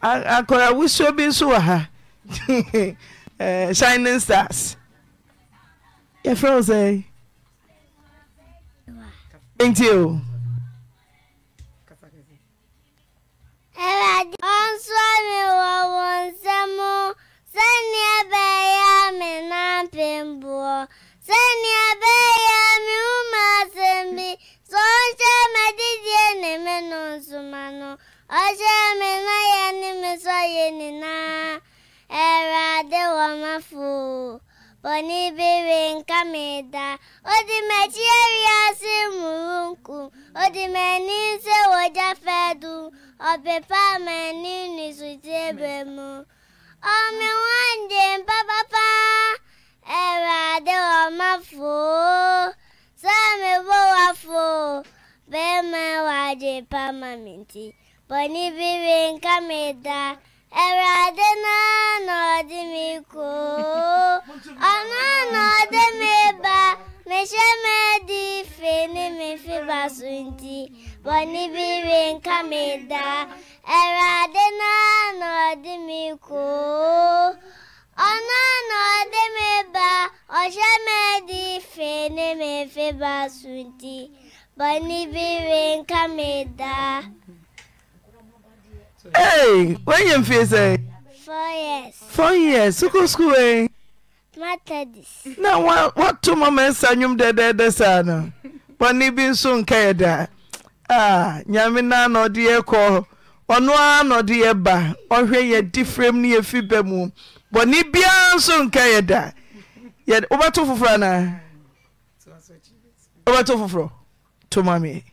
akɔra wusuo bi nso wɔ ha [laughs] eh, shining stars yɛfrɛ wo sɛ nti o Ẹ̀rọ àdìsọ́ mi wọ̀ wọ̀ nsẹ́mu sɛnea ɛbɛyɛ me nampemboɔ sɛnea ɛbɛyɛ me woma asɛm bi sɛ ɔnhyɛ m'adedie ne me no nsoma no ɔhyɛ me na yɛ ne me sɔ yɛ nyinaa ɛwurade wɔ m'afoo bɔne bere nka me da odi m'akyi awiase mmurunkum odi m'ani nsɛ wɔ gya fɛ do ɔpepa m'ani ne sotie bɛ mu omi wọn dè ń pápápá ẹ̀rọ àdé ọmọ fò ó sọ́mi bó wa fò ó bẹ́ẹ̀ máa wà dé pámámẹ́ǹtì bọ̀ níbi rẹ̀ ń ká mi dá ẹ̀rọ àdé náà nà ọdí mi kò mehwɛ me di fe me fi ba so nti bɔne bi renka me da awurade na na ɔde me koo ɔno me ba ɔhwɛ me me fi ba so nti bɔne bi renka me Hey, when you feel say? Four years. Four years. So Suku school, eh? na woato mama nsa nnwom dɛdɛɛdɛ sa na bɔne bi nso nka yɛ daa nyame na anɔde yɛ kɔ ɔno ara nɔde yɛ ba ɔhwɛ yɛ di frɛm no yɛfi ba mu bɔne biara nso nka ya da ya wobɛto foforɔ anaa wobɛto foforɔ toma me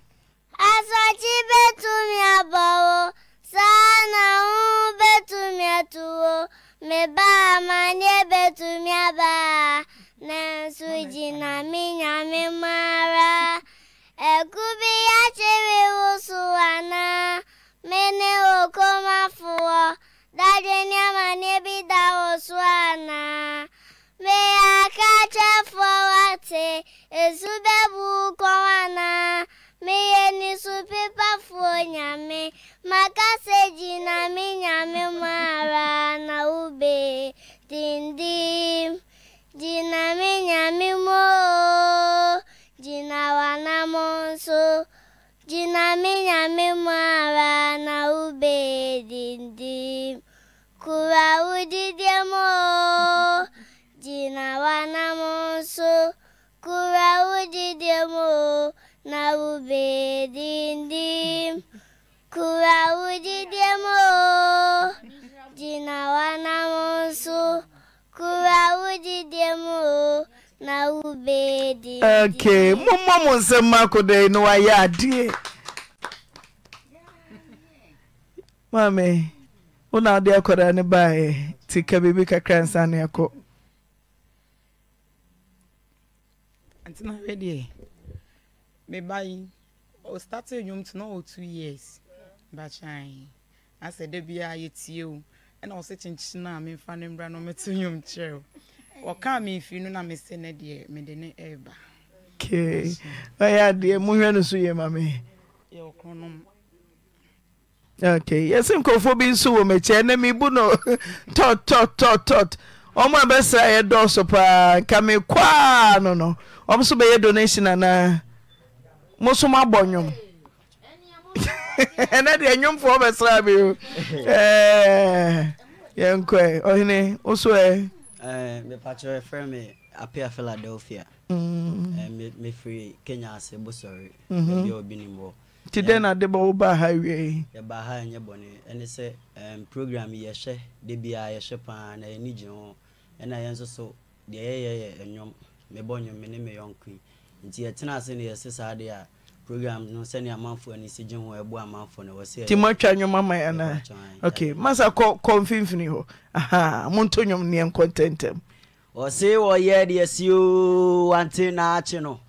asɔkyi bɛtumi abɔwo saa na ho bɛtumi atuo Me ba mebaa amane ebetumi abaa na mi me mi mara ɛku e bi akyere mi so anaa me ne Da je ne amane bi da wo so anaa meyɛ akakyɛfoɔ wate esu bɛbu kɔn anaa meyɛ nisupepa foɔ nyame makasɛ gyina me nyame mu mara na wobe dindim gyina me nyame mu o wana wanamo nso gyina me nyame mu ara na ube dindim kura wo didiɛ mu o gyina wanamo nso kura wo didiɛ mu Navu bedindim Kuravu didemo Jinawanamonsu Kuravu didemo Navu bedindim Okay, mumma monse makode no ayadie Mami, una ade akwara ne bae tika bibi kakra nsa ne akọ Antina ready mebaghị o start enyom to now two years bacha anyị asị bi ya ya tie o ɛna ɔsɛ kyenkyen a memfa ne mmra no oh, meto nwom kyerɛ o ɔkaa memfiri no na mese ne deɛ mede ne ɛreba ɔyɛ adeɛ mohwɛ no so yɛ ma me yɛwɔkronom okay yɛse nkurɔfoɔ bi nso wɔ m'akyi ɛnɛ mebu no tɔtɔtɔtɔt ɔmo a bɛsra yɛ dɔɔso paa nka mekɔaa no no ɔm so bɛyɛ donation anaa moso mabɔ nwom ɛnɛ deɛ nwomfoɔ bɛsra bi yɛnkɔ ɔhene wo so ɛ mepakyerɛ frɛ me apia philadelphia mefiri kenya ase bosɔre mm-hmm. bia obi nim hɔ nti dɛn na de bɔwo baa ha wiei yɛbaa ha ɛnyɛ bɔne ɛne sɛ program yɛhwɛ de biaa yɛhwɛ paa na yɛni gyina ho ɛna yɛn nso so deɛ yɛyɛ yɛ ɛnwom mebɔ nwom me ne me yɔnko nti yɛtena ase ne yɛse saa deɛ a program no sɛnea amanfoɔ ani si gye ho ɛbo amanfoɔ no wɔsɛ nti moatwa nnwom ama yɛ ok masa kɔ kɔ mfimfini hɔ aha monto nnwom neɛ nkɔ ntɛntɛm ɔse wɔyɛ deɛ sio wante naakye no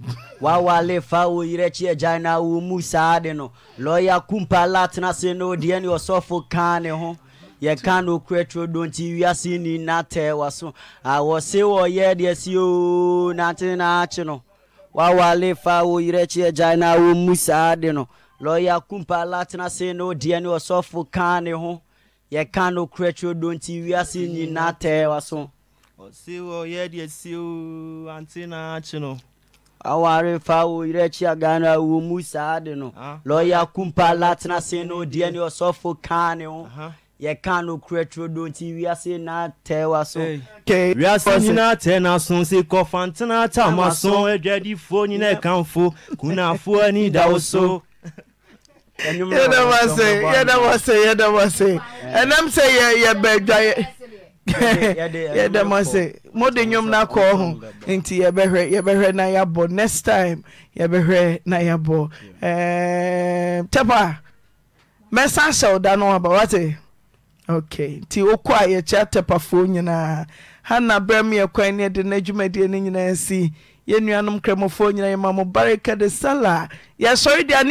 wawale fa wo yerɛkyi agyae na wo mu saa de no lɔya kumpa latena se no deɛ ne ɔsɔfo kaa ne ho yɛka no kuraturo do nti wiase ni natɛ waso a wɔse wɔyɛ deɛ sio nante naakye no wawale fawo yirechi gyina wo mu saa de no lɔya kumpa latena se no deɛ ne ɔsɔfo kan ne ho yɛka no kora twerɛ do nti wiase nyinaa tɛɛ wa so ɔsiwo yɛ deɛ siwo ante na akye no aware mu saa de no ah. kumpa latena se ne ɔsɔfo ne yɛka no kuraturo do nti wiase na tɛ so. wiase nyinaa tɛ na so se kɔfantena tama so adwadifo nyinaa kanfo kunafo ani da wo so. na ɛnam sɛ yɛ yɛbɛ mode nnwom no akɔɔ ho nti yɛbɛhwɛ yɛbɛhwɛ na yɛabɔ next time yɛbɛhwɛ na yɛabɔ tɛpa mɛsa hyɛ wo da no aba wate ok nti wokɔ a yɛkyɛ atapafoɔ nyinaa hanabrɛ m yɛ kwan nede n' adwumadeɛ no nyinaa si yɛnnuanom kramɔfo nyina yɛma m barekade sala yɛsɔrede ane